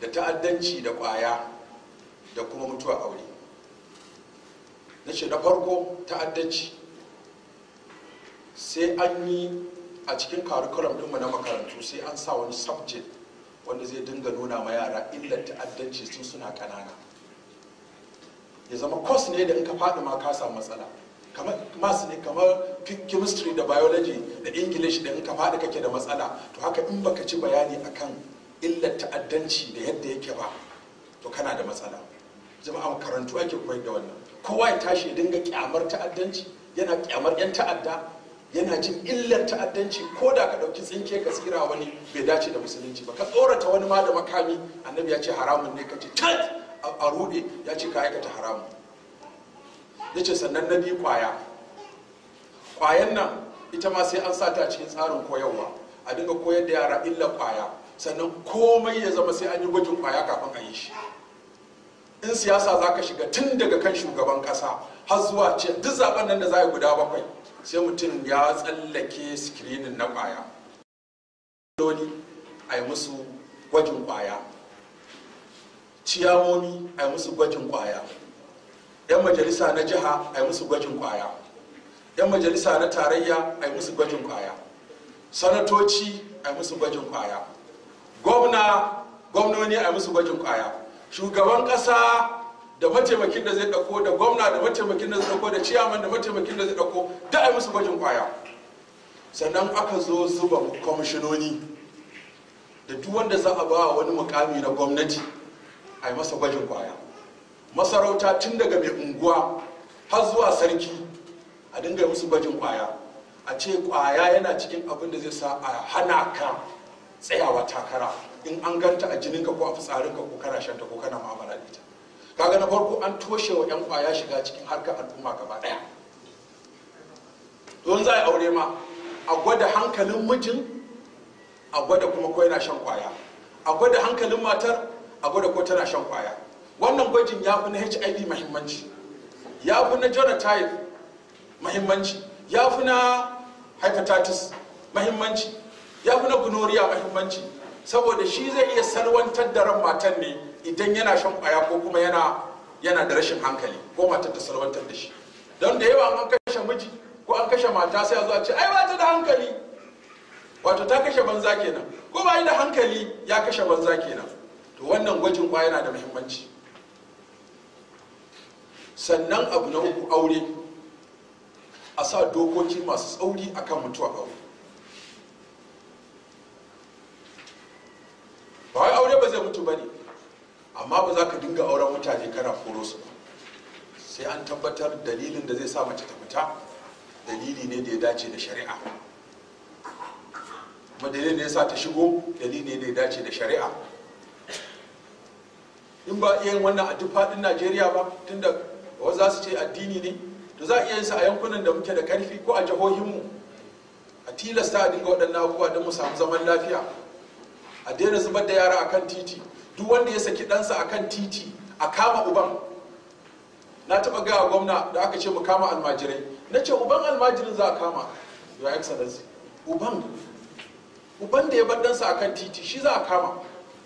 da ta'addanci da ƙwaya da kuma mutuwa aure na ce na farko ta'addanci sai an yi a cikin ɗin ɗinmu na makarantu sai an sa wani subject wanda zai dinga nuna ma yara illar ta'addanci sun suna kanana ya zama kwas ne da in ka faɗi ma ka samu matsala kamar ne kamar chemistry da biology da english da in ka faɗi kake da matsala to haka in baka ci bayani akan illar ta'addanci da yadda yake ba to kana da matsala jama'a makarantu ake koyar da wannan kowa ya tashi ya dinga kyamar ta'addanci yana kyamar yan ta'adda yana jin illar ta'addanci ko da ka ɗauki tsinke ka tsira wani bai dace da musulunci ba ka tsorata wani ma da makami annabi ya ce haramun ne ka ce tat a rude ya ce ka aikata haramun ya ce sannan na bi kwaya kwayan nan ita ma sai an sa ta cikin tsarin koyarwa a dinga koyar da yara illar kwaya sannan komai ya zama sai an yi gwajin kwaya kafin a yi shi in siyasa za ka shiga tun daga kan shugaban kasa har zuwa ce duk zaben nan da za a guda bakwai sai mutum ya tsallake sikirinin na kwaya loli a yi musu gwajin kwaya ciyawomi a yi musu gwajin kwaya yan majalisa na jiha a yi musu gwajin kwaya yan majalisa na tarayya a yi musu gwajin kwaya sanatoci a yi musu gwajin kwaya gwamna gwamnoni a yi musu gwajin kwaya shugaban ƙasa da mataimakin da zai dauko da gwamna da mataimakin da zai dauko da ciyaman da mataimakin da zai dauko da a musu gwajin kwaya sannan aka zo zuba kwamishinoni da duk wanda za a ba wani mukami na gwamnati a yi masa gwajin kwaya masarauta tun daga mai unguwa har zuwa sarki a dinga musu gwajin kwaya a ce kwaya yana cikin abin da zai sa a hana ka tsayawa takara in an ganta a jininka ko a fitsarinka ko kana shanta ko kana ma'amala da ita kaga na farko an toshe wa yan kwaya shiga cikin harkar al'umma gaba daya don za a aure ma a gwada hankalin mijin a gwada kuma ko yana shan kwaya a gwada hankalin matar a gwada ko tana shan kwaya wannan gwajin ya fi na hiv mahimmanci ya fi na jonathan mahimmanci ya fi na hepatitis mahimmanci ya fi na gonorrhea mahimmanci saboda shi zai iya salwantar da ran matan ne idan yana shan ƙwaya ko kuma yana yana da rashin hankali ko matar ta salwantar da shi don da yawa an kashe miji ko an kashe mata sai a zo a ce ai ba ta da hankali wato ta kashe banza kenan ko ba da hankali ya kashe banza kenan to wannan gwajin ƙwaya yana da muhimmanci sannan abu na uku aure a sa dokoki masu tsauri akan mutuwa aure ba wai aure ba zai mutu ba ne amma ba za ka dinga auren mutane kana koro su sai an tabbatar dalilin da zai sa mace ta fita dalili ne da ya dace da shari'a kuma dalilin da ya sa ta shigo dalili ne da ya dace da shari'a in ba iya yin wannan a duk faɗin najeriya ba tunda wa za su ce addini ne to za a iya sa a yankunan da muke da karfi ko a jihohinmu a tilasta a dinga waɗannan abubuwa don mu samu zaman lafiya a daina zubar da yara akan titi duk wanda ya saki ɗansa akan titi a kama uban na taɓa gaya gwamna da aka ce mu kama almajirai na ce uban almajirin za a kama ya excellency uban uban da ya bar ɗansa akan titi shi za a kama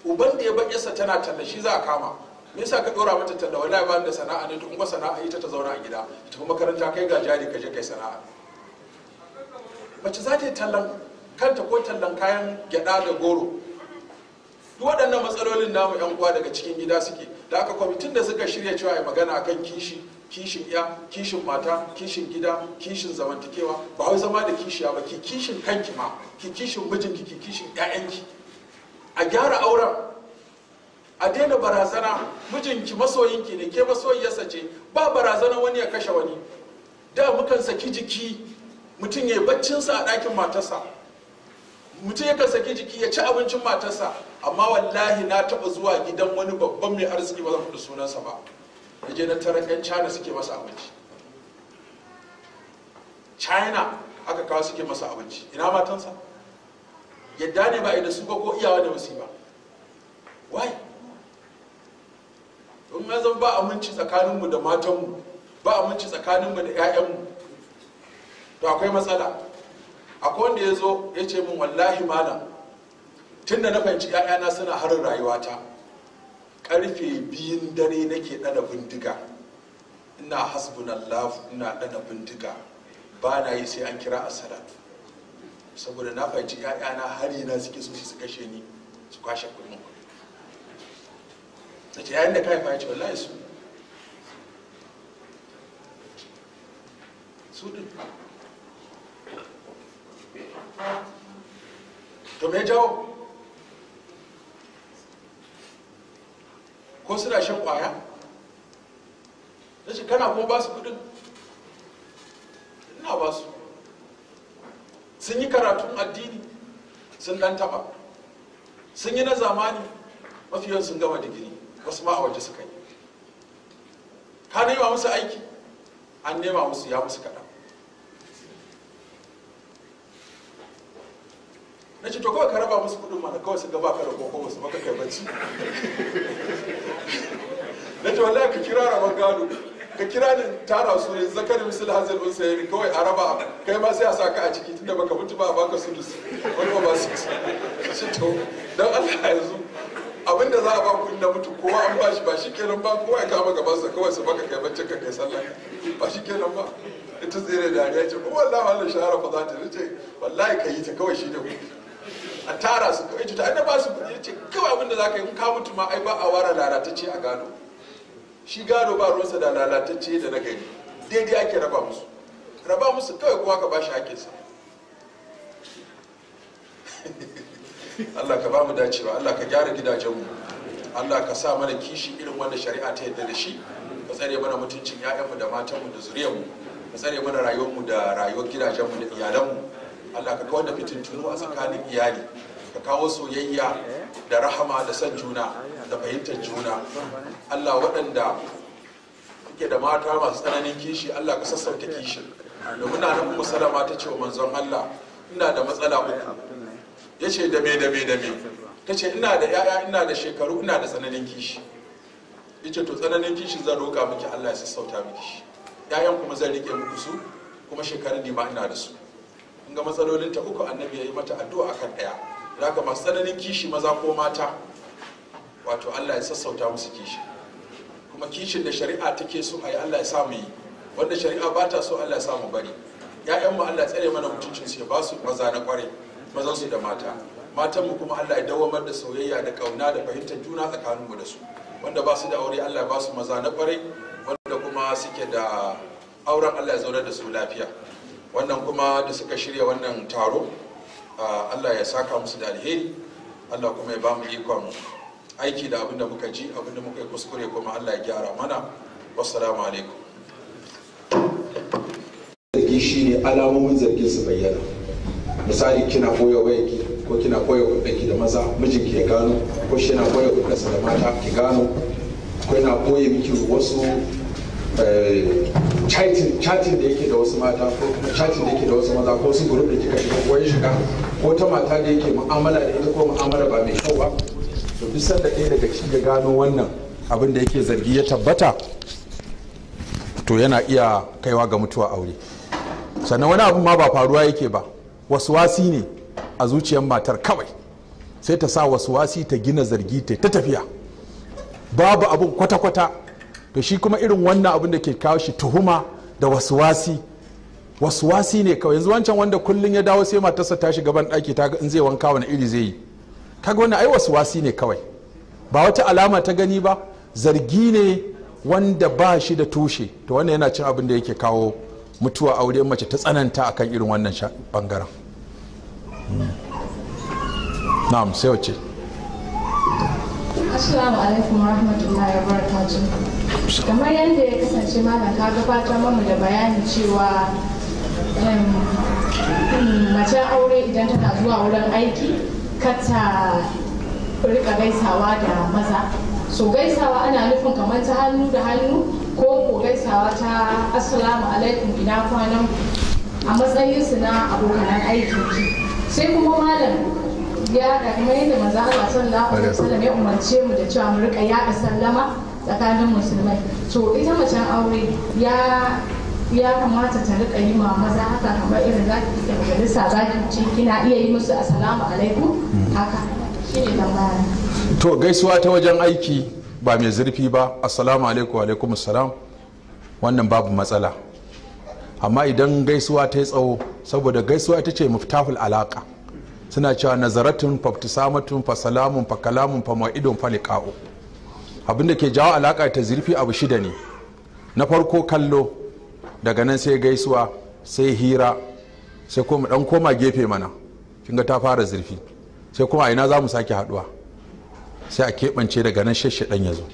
uban da ya bar yasa tana talla shi za a kama me yasa ka dora mata talla wallahi ba da sana'a ne to in ba sana'a ita ta zauna a gida ta kuma makaranta kai ga jari ka je kai sana'a mace za ta yi tallan kanta ko tallan kayan gyada da goro duk waɗannan matsalolin namu yan uwa daga cikin gida suke da aka kwamitin da suka shirya cewa ya magana akan kishi kishin iya kishin mata kishin gida kishin zamantakewa ba wai zama da kishiya ba ki kishin kanki ma ki kishin mijinki ki kishin ƴaƴanki a gyara auren a daina barazana mijinki masoyinki ne ke masoyiyarsa ce ba barazana wani ya kashe wani da mukan saki jiki mutum ya yi baccinsa a ɗakin matarsa mutum yakan saki jiki ya ci abincin matarsa amma wallahi na taba zuwa gidan wani babban mai arziki ba zan faɗi sunansa ba na je na tarar china suke masa abinci china aka kawo suke masa abinci ina matansa yadda ne ba da su ba ko iyawa da ba, why? in ya zan ba aminci tsakaninmu da matanmu ba aminci tsakaninmu da 'ya'yanmu to akwai matsala akwai wanda ya zo ya ce min wallahi tun da na fahimci 'ya'yana suna harin rayuwata karfe biyun dare nake ɗana bindiga ina hasbunallahu ina ɗana bindiga ba na yi sai an kira a salat saboda na fahimci 'ya'yana har yana suke so su kashe ni su kwashe kuɗin na ce yayin da kai fahimci wallahi su su to me jawo ko suna shan kwaya ta ce kana ko ba su kudin ina ba su sun yi karatun addini sun dan taba sun yi na zamani mafi yawan sun gama digiri wasu ma a waje suka yi ka nema musu aiki an nema musu ya musu kaɗan ce to kawai ka raba musu kudin mana kawai su gaba ka rabo kuma su maka kai bacci na ce wallahi ka kira rabon gado ka kira ni tara su ne zakari misal hazal unsa yayi kawai a raba kai ma sai a saka a ciki tunda baka mutu ba baka su dusu wani ba su shi to dan Allah yanzu abinda za a ba ku na mutu kowa an ba shi ba shi kenan ba kowa ya kama sa kawai su baka kai bacci ka kai sallah ba shi kenan ba ita tsere ya ce ko wallahi Allah shahara fa za ta ce wallahi ka yi ta kawai shi ne a tara su kawai cuta inda ba su kuɗi ce kawai abinda za ka yi ka mutu ma ai ba a ware lalatacce a gado shi gado ba ruwansa da lalatacce da na gari daidai ake raba musu raba musu kawai kowa ka bashi hakinsa [laughs] Allah ka ba mu dacewa Allah ka gyara gidajenmu Allah ka sa mana kishi irin wanda shari'a ta yadda da shi ka tsare mana mutuncin 'ya'yanmu da matanmu da zuriyarmu ka tsare mana rayuwarmu da rayuwar gidajenmu da iyalanmu Allah ka kawar da fitintunu a tsakanin iyali ka kawo soyayya da rahama da son juna da fahimtar juna Allah waɗanda ke da mata masu tsananin kishi Allah ka sassauta kishin da muna nan salama ta ce wa manzon Allah ina da matsala uku ya ce da me da me da me ta ce ina da yaya ina da shekaru ina da tsananin kishi ya ce to tsananin kishi zan roƙa miki Allah ya sassauta miki yayan kuma zan rike muku su kuma shekarun ne ma ina da su ga matsalolin ta uku annabi ya yi mata addu'a akan daya aka masu tsananin kishi maza ko mata wato Allah ya sassauta musu kishi kuma kishin da shari'a take so yi, Allah ya sa mu yi wanda shari'a ba ta so Allah ya sa mu bari ƴaƴan mu Allah tsare mana mutuncin su ya ba su maza na kware mazan su da mata matan mu kuma Allah ya dawamar da soyayya da kauna da fahimtar juna tsakanin mu da su wanda ba su da aure Allah ya ba su maza na kware wanda kuma suke da auren Allah ya zaunar da su lafiya wannan kuma da suka shirya wannan taro allah ya saka musu da alheri allah kuma ya ba mu ikon aiki da abinda muka ji abinda muka yi kuskure kuma allah ya gyara mana wassalamu alaikum zargi shine alamomin zargin su bayyana misali kina koya ki ko kina koya hudanki da maza mijinki ya gano ko shi yana koya hudansa da mata ki gano ko yana koya miki wasu Eh, chatin da yake da wasu mata ko chatting da yake da wasu maza ko wasu group da kika shiga ko ya shiga ko ta mata da yake mu'amala da ita ko mu'amala ba mai kyau ba to duk sanda ɗaya daga cikin ya gano wannan abin da yake zargi ya tabbata to yana iya kaiwa ga mutuwa aure sannan wani abin ma ba faruwa yake ba wasu wasi ne a zuciyar matar kawai sai ta sa wasu wasi ta gina zargi ta tafiya babu abin kwata-kwata to shi kuma irin wannan abin da ke kawo shi tuhuma da wasuwasi wasuwasi ne kawai yanzu wancan wanda kullum ya dawo sai matarsa ta shiga ban ɗaki ta in zai wanka wani iri zai yi kaga wannan ai wasi ne kawai ba wata alama ta gani ba zargi ne wanda ba shi da tushe to wannan yana cin abin da yake kawo mutuwa aure mace ta tsananta akan irin wannan bangaren hmm. na'am sai wace Assalamu alaikum wa wa barakatuh. Kamar yadda ya kasance malam ka gabatar mamu da bayani cewa mace aure idan tana zuwa wurin aiki kata rika gaisawa da maza. So gaisawa ana nufin kamar ta hannu da hannu ko ko gaisawa ta assalamu alaikum ina kwanan a matsayinsu na abokanan aiki. Sai kuma malam ya haɗa kamar yadda manzo Allah sallallahu alaihi wasallam ya umarce mu da cewa mu rika yaɗa sallama tsakanin musulmai to ita macen aure ya ya kamata ta rika yi ma maza haka kamar irin za ki da majalisa za ki ci kina iya yi musu assalamu alaikum hmm. haka shine tambaya to gaisuwa ta wajen aiki ba mai zurfi ba assalamu alaikum alaikum assalam wannan babu matsala amma idan gaisuwa ta yi tsawo saboda gaisuwa ita ce muftahul alaka suna cewa nazaratun faftisamatun fasalamun fakalamun fama'idun falika'u abin da ke jawo alaƙa ta zurfi abu shida ne na farko kallo daga nan sai gaisuwa sai hira sai kuma dan koma gefe mana kin ga ta fara zirfi sai kuma ina za mu sake haduwa sai a keɓance daga nan shashe dan ya zo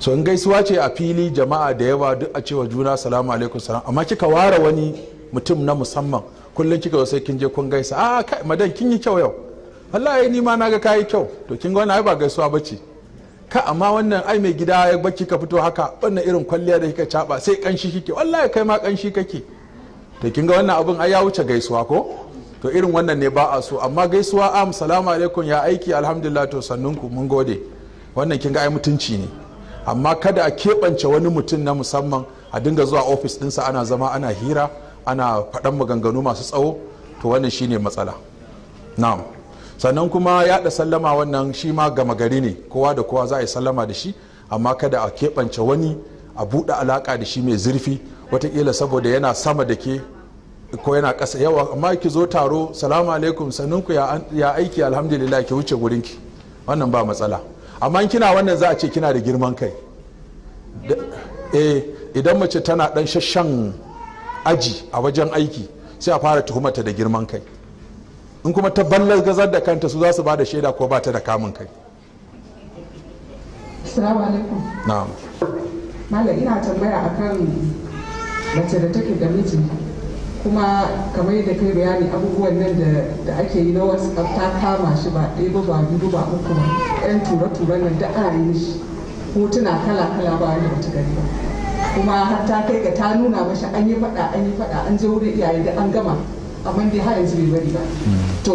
so in gaisuwa ce a fili jama'a da yawa duk a cewa juna salamu alaikum salam amma kika ware wani mutum na musamman kullum kika zo sai kin je kun gaisa a ah, kai madan kin yi kyau yau wallahi ni ma na ga kai kyau to kin ga wannan ai ba gaisuwa bace ka amma wannan ai mai gida ya bacci ka fito haka wannan irin kwalliya da kika caba sai kanshi kike wallahi kai ma kanshi kake to kin ga wannan abun ai ya wuce gaisuwa ko to irin wannan ne ba a so amma gaisuwa am salamu alaikum ya aiki alhamdulillah to sannunku mun gode wannan kin ga ai mutunci ne amma kada a keɓance wani mutum na musamman a dinga zuwa ofis dinsa ana zama ana hira ana faɗan maganganu masu tsawo to wannan shine matsala na'am sannan kuma yaɗa sallama wannan shi ma gama gari ne kowa da kowa za a yi sallama da shi amma kada a keɓance wani a buɗe alaƙa da shi mai zurfi watakila saboda yana sama da ke ko yana ƙasa yawa amma ki zo taro salamu alaikum ku ya aiki alhamdulillah ki wuce ki wannan ba matsala amma kina wannan za a ce kina da girman kai eh idan mace tana ɗan shashan aji a wajen aiki sai a fara tuhumarta da girman kai in kuma ta ballar gazar da kanta su za su ba da shaida ko ba ta da kamun kai na'am malam ina tambaya akan mace da take da kuma kamar yadda kai bayani abubuwan nan da ake yi na wasu ta kama shi ba ɗaya ba ba biyu ba uku ba yan tura-turan nan da ana yi shi hotuna kala-kala ba wanda mutu gari ba kuma har ta kai ga ta nuna mashi an yi fada an yi fada an je wurin iyaye da an gama amma dai har yanzu bai bari ba to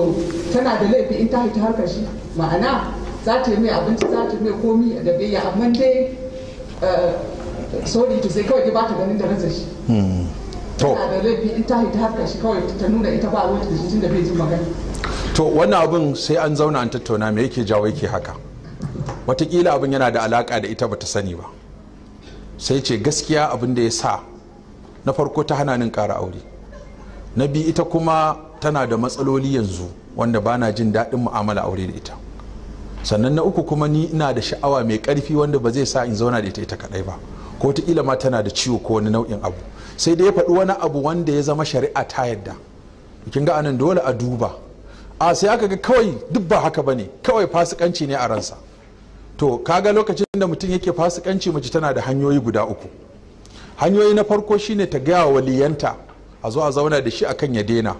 tana da laifi in ta hita harkar shi ma'ana za ta yi mai abinci za ta yi mai komi da biyayya amma dai eh, sorry to say kawai ba ta ganin da razar shi hmm. tana da laifi in ta hita harkar shi kawai ta nuna ita ba wata da shi tun da bai ji magana to wannan abin sai an zauna an tattauna me yake jawo yake haka watakila abin yana da alaka da ita bata sani ba sai ce gaskiya abin da ya sa na farko ta hana nin kara aure na biyu ita kuma tana da matsaloli yanzu wanda bana jin daɗin mu'amala aure da ita sannan na uku kuma ni ina da sha'awa mai ƙarfi wanda ba zai sa in zauna da ita ita kaɗai ba ko ta ma tana da ciwo ko wani nau'in abu sai dai ya faɗi wani abu wanda ya zama shari'a ta yadda kin ga anan dole a duba a sai aka ga kawai duk ba haka bane kawai fasikanci ne a ransa to kaga lokacin da mutum yake fasikanci mace tana da hanyoyi guda uku hanyoyi na farko shine ta gaya wa waliyanta a zo a zauna da shi akan ya daina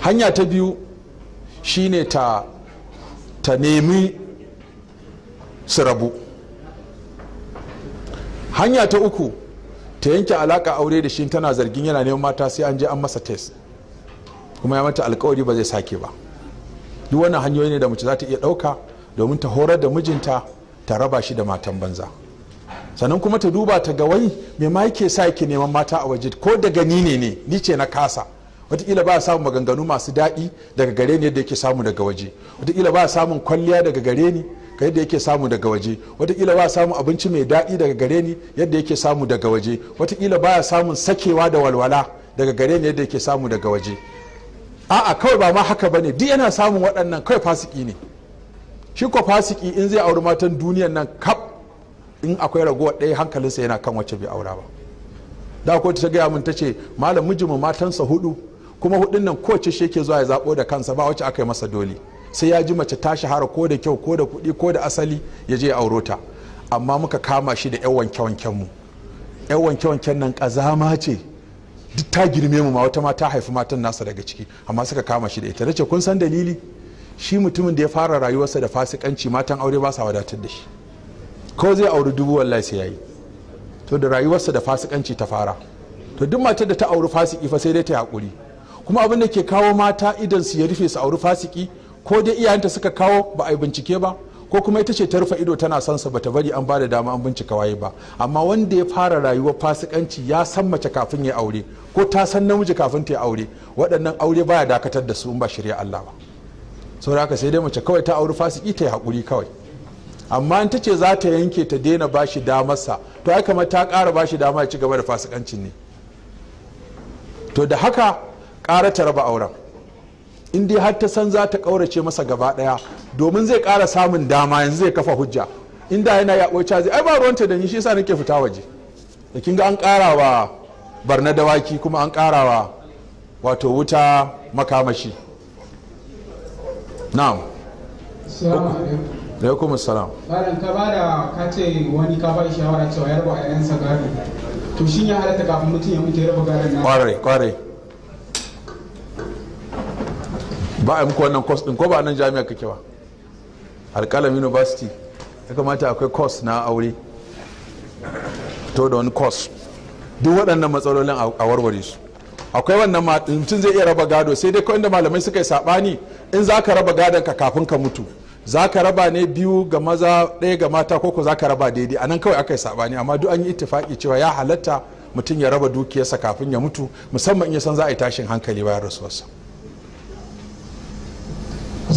hanya ta biyu shine ta ta nemi su rabu hanya ta uku ta yanke alaka aure da shi tana zargin yana neman mata sai an je an masa test kuma ya mata alkawari ba zai sake ba duk wannan hanyoyi ne da mace za ta iya ɗauka domin ta horar da mijinta ta raba shi da matan banza sannan kuma ta duba ta ga wai me ma yake sa yake neman mata a waje ko daga ni ne ne ni ce na kasa wataƙila ba samun maganganu masu daɗi daga gare ni yadda yake samu daga waje wataƙila ba samun kwalliya daga gare ni ka yadda yake samu daga waje wataƙila ba samun abinci mai daɗi daga gare ni yadda yake samu daga waje wataƙila ba samun sakewa da walwala daga gare ni yadda yake samu daga waje a'a kawai ba ma haka bane duk yana samun waɗannan kawai fasiki ne shi ko fasiki in zai auri matan duniyan nan kaf in akwai ragowar ɗaya hankalinsa yana kan wacce bai aura ba da ko ta gaya min ta ce malam mijinmu matansa hudu kuma hudun nan kowace shi yake zuwa ya zaɓo da kansa ba wacce aka masa dole sai ya ji mace ta shahara ko da kyau ko da kuɗi ko da asali ya je ya auro ta amma muka kama shi da 'yan wanke-wanken mu 'yan wanke-wanken nan kazama ce duk ta girme mu ma wata ma ta haifi matan nasa daga ciki amma suka kama shi da ita da kun san dalili shi mutumin da ya fara rayuwarsa da fasikanci matan aure ba sa wadatar da shi ko zai auri dubu wallahi sai yayi to da rayuwarsa da fasikanci ta fara to duk matar da ta auri fasiki fa sai dai ta hakuri kuma abin da ke kawo mata idan su ya rufe su auri fasiki ko dai iyayenta suka kawo ba a yi bincike ba ko kuma ita ce ta rufe ido tana son sa bata bari an bada dama an bincika waye ba amma wanda ya fara rayuwar fasikanci ya san mace kafin ya aure ko ta san namiji kafin ta aure waɗannan aure baya dakatar da su in ba shirya Allah ba saboda haka sai dai mace kawai ta auri fasiki ta yi haƙuri kawai amma in ta ce za ta yanke ta daina ba shi damarsa to ai kamar ta kara ba shi dama ya ci gaba da fasikancin ne to da haka ƙara ta raba auren in dai har ta san za ta ƙaurace masa gaba ɗaya domin zai ƙara samun dama yanzu zai kafa hujja inda yana yaɓo zai ai ba ruwanta da ni shi yasa nake fita waje da kin ga an ƙara wa barna dawaki kuma an ƙara wa wato wuta makamashi na'am salamu alaikum alaikum salam. malam ka bada ka ce wani ka ba shawara cewa ya raba sa gado to shin ya halatta kafin mutum ya mutu ya raba gadon na kwarai kwarai ba a muku wannan course din ko ba nan jami'a kake ba alkalam university ya kamata akwai course na aure to da wani course duk waɗannan matsalolin a warware su akwai wannan mutum zai iya raba gado sai dai kawai da malamai suka yi sabani in za ka raba gadon ka kafin ka mutu za ka raba ne biyu ga maza ɗaya ga mata ko ko za ka raba daidai a nan kawai aka yi sabani amma duk an yi ittifaki cewa ya halatta mutum ya raba dukiyarsa kafin ya mutu musamman in ya san za a yi tashin hankali bayan rasuwarsa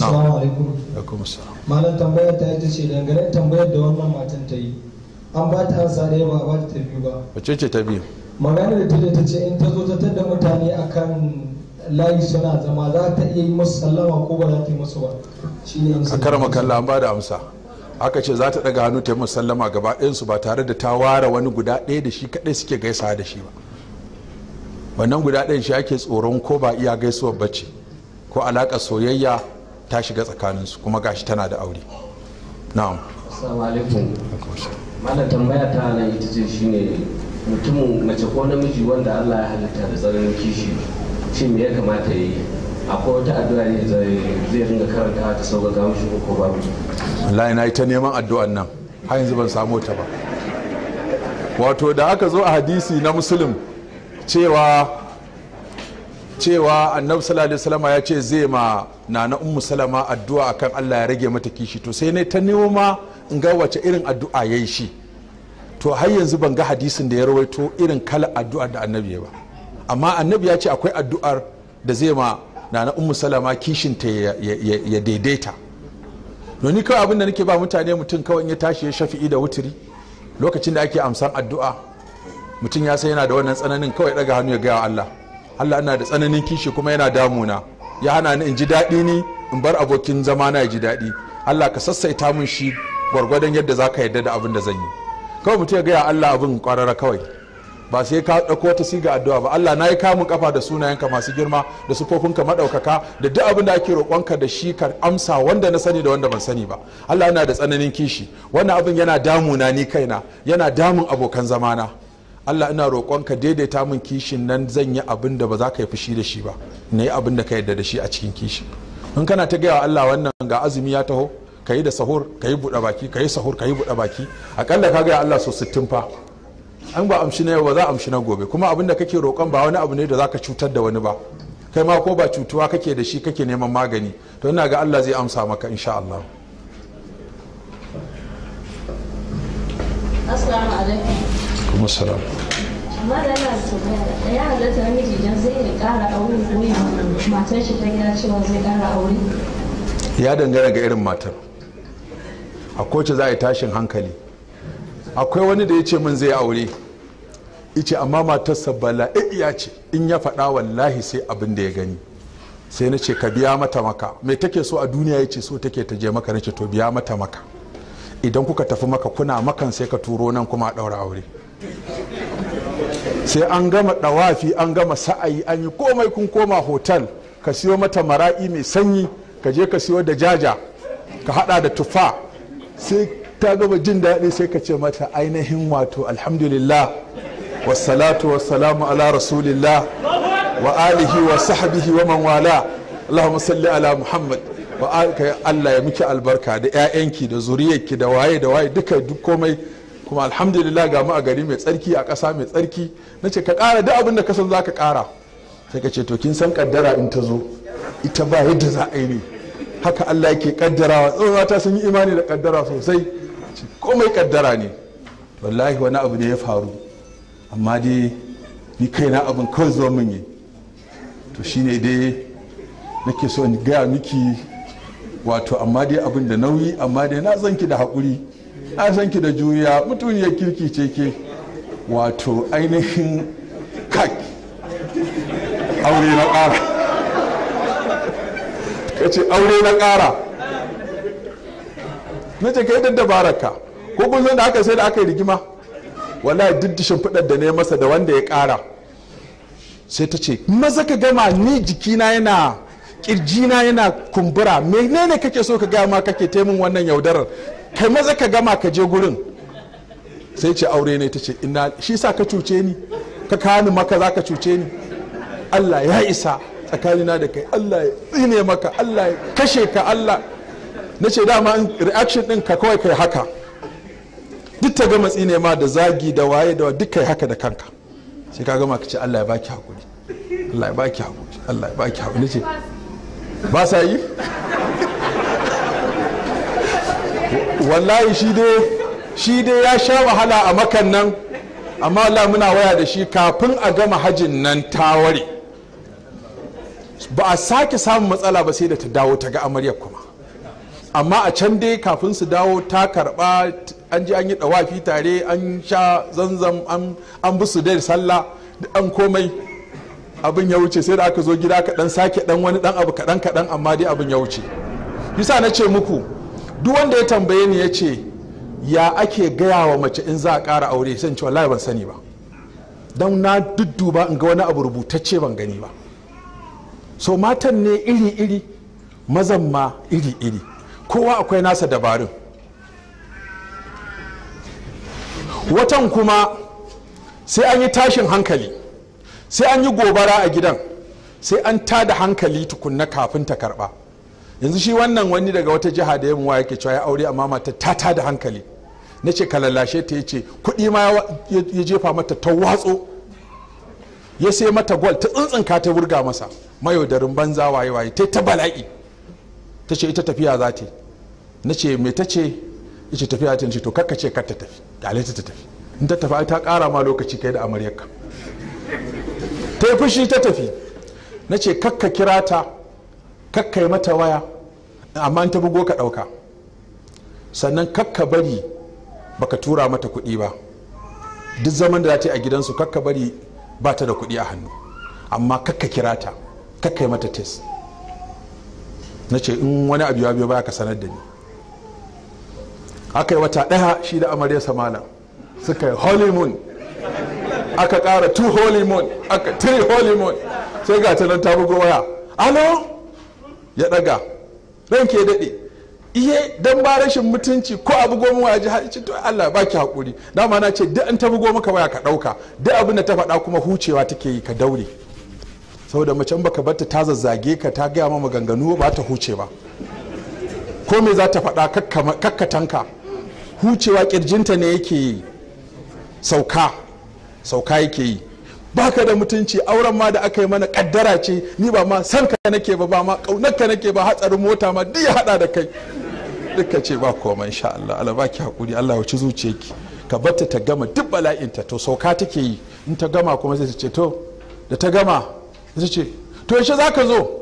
alaikum. Malam tambayar ta ita ce dangane tambayar da wannan matan ta yi. An ba ta ansa ɗaya ba a ba ta biyu ba. Wace ce ta biyu? magana da tilo ta ce in ta zo ta tada mutane akan layi suna zama za ta iya yi masu sallama ko ba za ta yi masu ba ne amsa a karama kalla an bada amsa aka ce za ta daga hannu ta yi masu sallama gaba ɗayansu ba tare da ta ware wani guda ɗaya da shi kaɗai suke gaisa da shi ba wannan guda ɗayan shi ake tsoron ko ba iya gaisuwar bace ko alaƙa soyayya ta shiga tsakaninsu kuma gashi tana da aure na'am assalamu alaikum mana tambaya ta nan ita ce shine mutumin mace ko namiji wanda Allah ya halitta da tsarin kishi shi me ya kamata ya yi akwai wata addu'a ne zai ringa karanta ta sauƙaƙa mushi ko babu wallahi na yi ta neman addu'an nan har yanzu ban samu ta ba wato da aka zo a hadisi na musulun cewa cewa annabi sallallahu alaihi ya ce zai ma nana ummu salama addu'a akan Allah ya rage mata kishi to sai ne ta nemo ma in ga wace irin addu'a yayi shi to har yanzu ban ga hadisin da ya rawaito irin kala addu'ar da annabi ya ba amma annabi ya ce akwai addu'ar da zai ma nana ummu salama kishin ta ya daidaita ni kawai abin da nake ba mutane mutum kawai ya tashi ya shafi'i da wuturi lokacin da ake amsan addu'a mutum ya san yana da wannan tsananin kawai daga hannu ya gaya Allah Allah ina da tsananin kishi kuma yana damuna ya hana ni in ji daɗi ni in bar abokin zama na ya ji daɗi Allah ka sassaita mun shi gwargwadon yadda za ka yarda da abin da zan yi kawai mutum ya gaya Allah abin kwarara kawai ba sai ka ɗauko wata siga addu'a ba Allah na yi kamun kafa da sunayenka masu girma da sufofinka maɗaukaka da duk abin da ake roƙonka da shi ka amsa wanda na sani da wanda ban sani ba Allah yana da tsananin kishi wannan abin yana damuna ni kaina yana damun abokan zamana Allah ina roƙonka daidaita min kishin nan zan yi abin da ba za ka yi fushi da shi ba na yi abin da ka yarda da shi a cikin kishin in kana ta gaya Allah wannan ga azumi ya taho ka yi da sahur ka yi buɗe baki ka yi sahur ka yi buɗe baki akalla ka gaya Allah so sittin fa an ba amshi na yau ba za amshi na gobe kuma abin da kake roƙon ba wani abu ne da za ka cutar da wani ba kai ma ko ba cutuwa kake da shi kake neman magani to ina ga Allah zai amsa maka insha Allah amma da ya halatta namiji zai ƙara aure ko matar shi ta gida cewa zai ƙara aure ya dangana ga irin matar a kowace za a yi tashin hankali akwai wani da ya ce min zai aure ice amma matarsa bala'i'iya ce in ya faɗa wallahi sai abin da ya gani sai na ce ka biya mata maka mai take so a duniya ya ce so take ta je maka na to biya mata maka idan kuka tafi maka kuna makan sai ka turo nan kuma a ɗaura aure sai an gama ɗawafi an gama sa'ayi an yi komai kun koma hotel ka siyo mata mara'i mai sanyi ka je ka siyo da jaja ka haɗa da tufa sai ta gaba jin daɗi sai ka ce mata ainihin wato alhamdulillah wassalatu wassalamu ala rasulillah wa alihi wa sahbihi wa man wala allahumma salli ala muhammad wa Allah ya miki albarka da 'ya'yanki da zuriyarki da waye da waye duka duk komai kuma alhamdulillah ga mu a gari mai tsarki a ƙasa mai tsarki na ce ka ƙara duk abin da ka san za ka ƙara sai ka ce to kin san kaddara in ta zo ita ba yadda za a yi ne haka Allah yake kaddarawa mata sun yi imani da kaddara sosai komai kaddara ne wallahi wani abu ne ya faru amma dai ni kaina abin kawai zo min yi to shine dai nake so in gaya miki wato amma dai abin da nauyi amma dai na zanki da haƙuri na zanki da juriya ya kirki ce ke wato ainihin kak aure na ƙara ya ce aure na ƙara na ce kai duk dabararka ko kun san da aka sai da aka yi rigima wallahi duk dishin fidar da ne masa da wanda ya ƙara sai ta ce maza ka gama ni jikina yana kirjina yana kumbura menene kake so ka gama kake taimun wannan yaudarar kai maza ka gama ka je gurin sai ce aure ne ta ce ina shi sa ka cuce ni ka kani maka za ka cuce ni allah ya isa tsakanina da kai Allah ya tsine maka Allah ya kashe ka Allah na ce dama reaction din ka kawai kai haka duk ta gama tsine ma da zagi da waye da duk kai haka da kanka sai ka gama ka ce Allah ya baki hakuri Allah ya baki hakuri Allah ya baki hakuri ce ba sa yi wallahi shi dai shi dai ya sha wahala a makan nan amma Allah muna waya da shi kafin a gama hajin nan ta ware. ba a sake samun matsala ba sai da ta dawo ta ga amaryar kuma amma a can dai kafin su dawo ta karba an ji an yi dawafi tare an sha zanzam an bi su da sallah an komai abin ya wuce sai da aka zo gida kaɗan sake dan wani ɗan abu kadan kaɗan amma dai abin ya wuce Yasa na ce muku duk wanda ya tambaye ni ya ce ya ake gaya wa mace in za a kara aure sai in ce wallahi ban sani ba don na dudduba in ga wani abu rubutacce ban gani ba so matan ne iri-iri mazan ma iri-iri kowa akwai nasa dabarun watan kuma sai an yi tashin hankali sai an yi gobara a gidan sai an tada hankali tukunna kafin ta karba yanzu shi wannan wani daga wata jiha da yamma yake cewa ya aure amma mata ta tada hankali na ce ka ta ya ce kuɗi ma ya jefa mata ta watso ya sai mata gwal ta tsuntsunka ta wurga masa mayaudarin banza waye waye ta ta bala'i ta ce ita tafiya za ta na ce me ta ce ita tafiya ta ce to kakka ce kar ta tafi dalai ta tafi in ta tafi ta kara ma lokaci kai da amaryarka ta yi fushi ta tafi na ce kakka kira ta kakka yi mata waya amma ta bugo ka ɗauka sannan kakka bari baka tura mata kuɗi ba duk zaman da za ta yi a gidansu kakka bari ba ta da kuɗi a hannu amma kakka kira ta kakka yi mata test na ce in wani abu biyo ba ka sanar da ni aka yi wata ɗaya shi da amarya samana suka yi holy moon aka ƙara two holy moon aka three holy moon sai ga ta nan ta bugo waya alo ya ɗaga ranke daɗe iye dan ba rashin mutunci ko abu goma waje har ci to Allah ba ki hakuri ma na ce duk an ta bugo ka waya ka dauka duk abin da ta faɗa kuma hucewa take yi ka daure saboda mace baka barta ta zazzage ka ta gaya ma ganganu ba ta huce ba ko me za ta faɗa kakkatanka hucewa kirjinta ne yake yi sauka sauka yake yi baka da mutunci auren ma da aka yi mana kaddara ce ni ba ma san ka nake ba ba ma kaunar ka nake ba hatsarin mota ma duk ya hada da kai duka ce ba koma insha Allah Allah baki hakuri Allah ya ci zuciyarki ka batta ta gama duk bala'inta to sauka take yi in ta gama kuma sai ta ce to da ta gama sai ce to yaushe zaka zo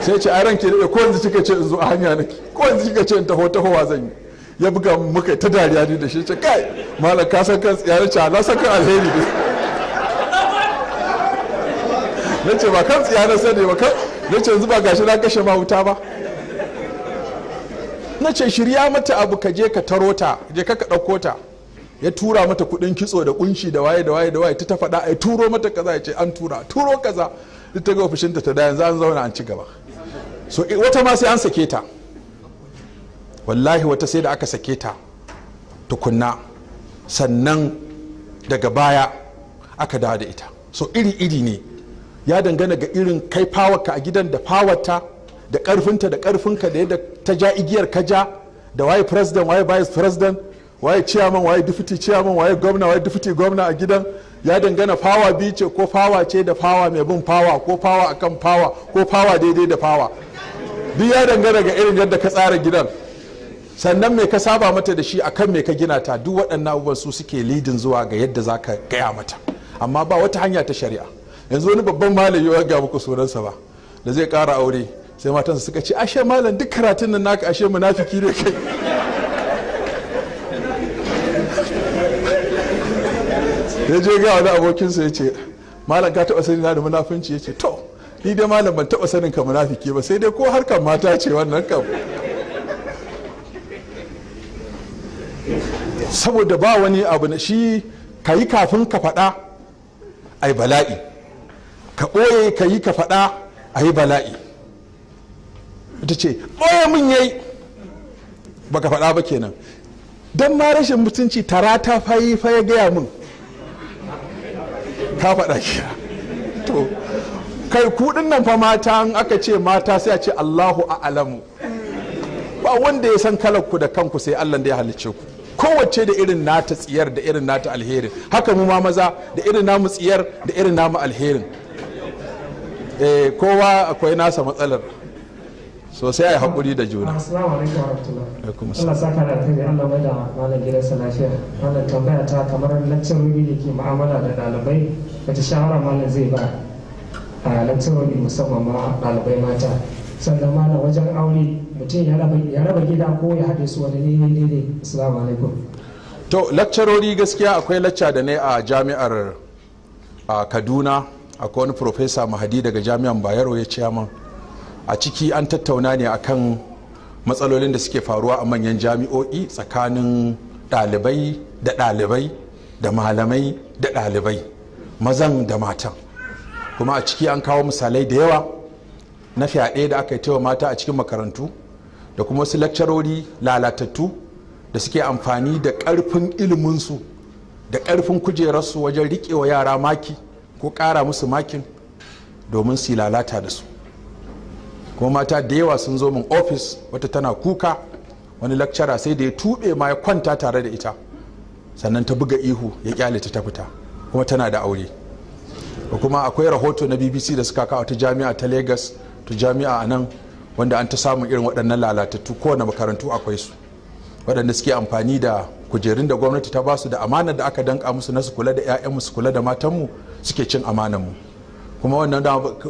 sai ce a ranke da ko yanzu kika ce in zo a hanya nake ko yanzu kika ce in taho tahowa zan yi ya buga muka ta dariya ne da shi ce kai malam ka san kan tsiyar ce na san kan alheri ne nace ce ba kan tsiyar sai sani ba kan nace ce yanzu ba gashi na kashe ma wuta ba na ce shirya mata abu ka je ka taro ta je ka ɗauko ta ya tura mata kudin kitso da kunshi da waye da waye da waye ta ta faɗa ai turo mata kaza ya ce an tura turo kaza duk ta ga ofishinta ta da yanzu an zauna an ci gaba so wata ma sai an sake ta wallahi wata sai da aka sake ta tukunna sannan daga baya aka dawo da ita so iri iri ne ya dangana ga irin kai fawarka a gidan da fawarta da karfinta da karfinka da yadda ta ja igiyar ka ja da waye president waye vice president waye chairman waye deputy chairman waye gwamna waye deputy gwamna a gidan ya dangana fawa biyu ce ko fawa ce da fawa mai bin fawa ko fawa akan fawa ko fawa daidai da fawa duk ya dangana ga irin yadda ka tsara gidan sannan me ka saba mata da shi akan me ka gina ta duk waɗannan abubuwan su suke lidin zuwa ga yadda za ka gaya mata amma ba wata hanya ta shari'a yanzu wani babban malami ya ga muku sunansa ba da zai kara aure sai matansa suka ce ashe malam duk karatun nan naka ashe munafiki ne kai ya je ga wani abokinsa ya ce malam ka taba sani na da munafunci ya ce to ni dai malam ban taba sanin ka munafiki ba sai dai ko harkar mata ce wannan kam saboda ba wani abu na shi ka yi kafin ka faɗa ai bala'i ka ɓoye ka yi ka faɗa ai bala'i ta ce ɓoye mun yayi baka faɗa ba kenan don ma rashin mutunci tara ta fayi fa gaya min ka faɗa ki to kai kuɗin nan fa mata in aka ce mata sai a ce allahu a'alamu ba wanda ya san kalar da kanku sai allah da ya halicce ku kowace da irin nata tsiyar da irin nata alherin haka mu ma maza da irin namu tsiyar da irin namu alherin eh, kowa akwai nasa matsalar so sai a yi haƙuri da juna assalamu alaikum warahmatullahi Allah saka da tabi Allah mai da malam gidansa lafiya wannan tambaya ta kamar laccarori da ke ma'amala da ɗalibai wata shawara malam zai ba a laccarori musamman ma ɗalibai mata sannan malam wajen aure mutum ya raba gida ko ya haɗe su wani ne ne ne alaikum to laccarori gaskiya akwai lacca da ne a jami'ar a kaduna akwai wani profesa mahadi daga jami'an bayero ya ce min a ciki an tattauna ne akan matsalolin da suke faruwa a manyan jami'o'i tsakanin ɗalibai da ɗalibai da malamai da ɗalibai mazan da matan kuma a ciki an kawo misalai da yawa na fyaɗe da aka yi wa mata a cikin makarantu da kuma wasu lakcarori lalatattu da suke amfani da ƙarfin iliminsu da ƙarfin kujerarsu wajen riƙewa yara maki ko ƙara musu makin domin su lalata da su kuma mata da yawa sun zo min ofis wata tana kuka wani lakcara sai da ya tube ma ya kwanta tare da ita sannan ta buga ihu ya kyale ta fita kuma tana da aure kuma akwai rahoto na bbc da suka kawo ta jami'a ta lagos ta jami'a a nan wanda an ta samun irin waɗannan lalatattu kowane makarantu akwai su waɗanda suke amfani da kujerun da gwamnati ta basu da amanar da aka danka musu na su kula da 'ya'yanmu su kula da matanmu suke cin amanar mu kuma wannan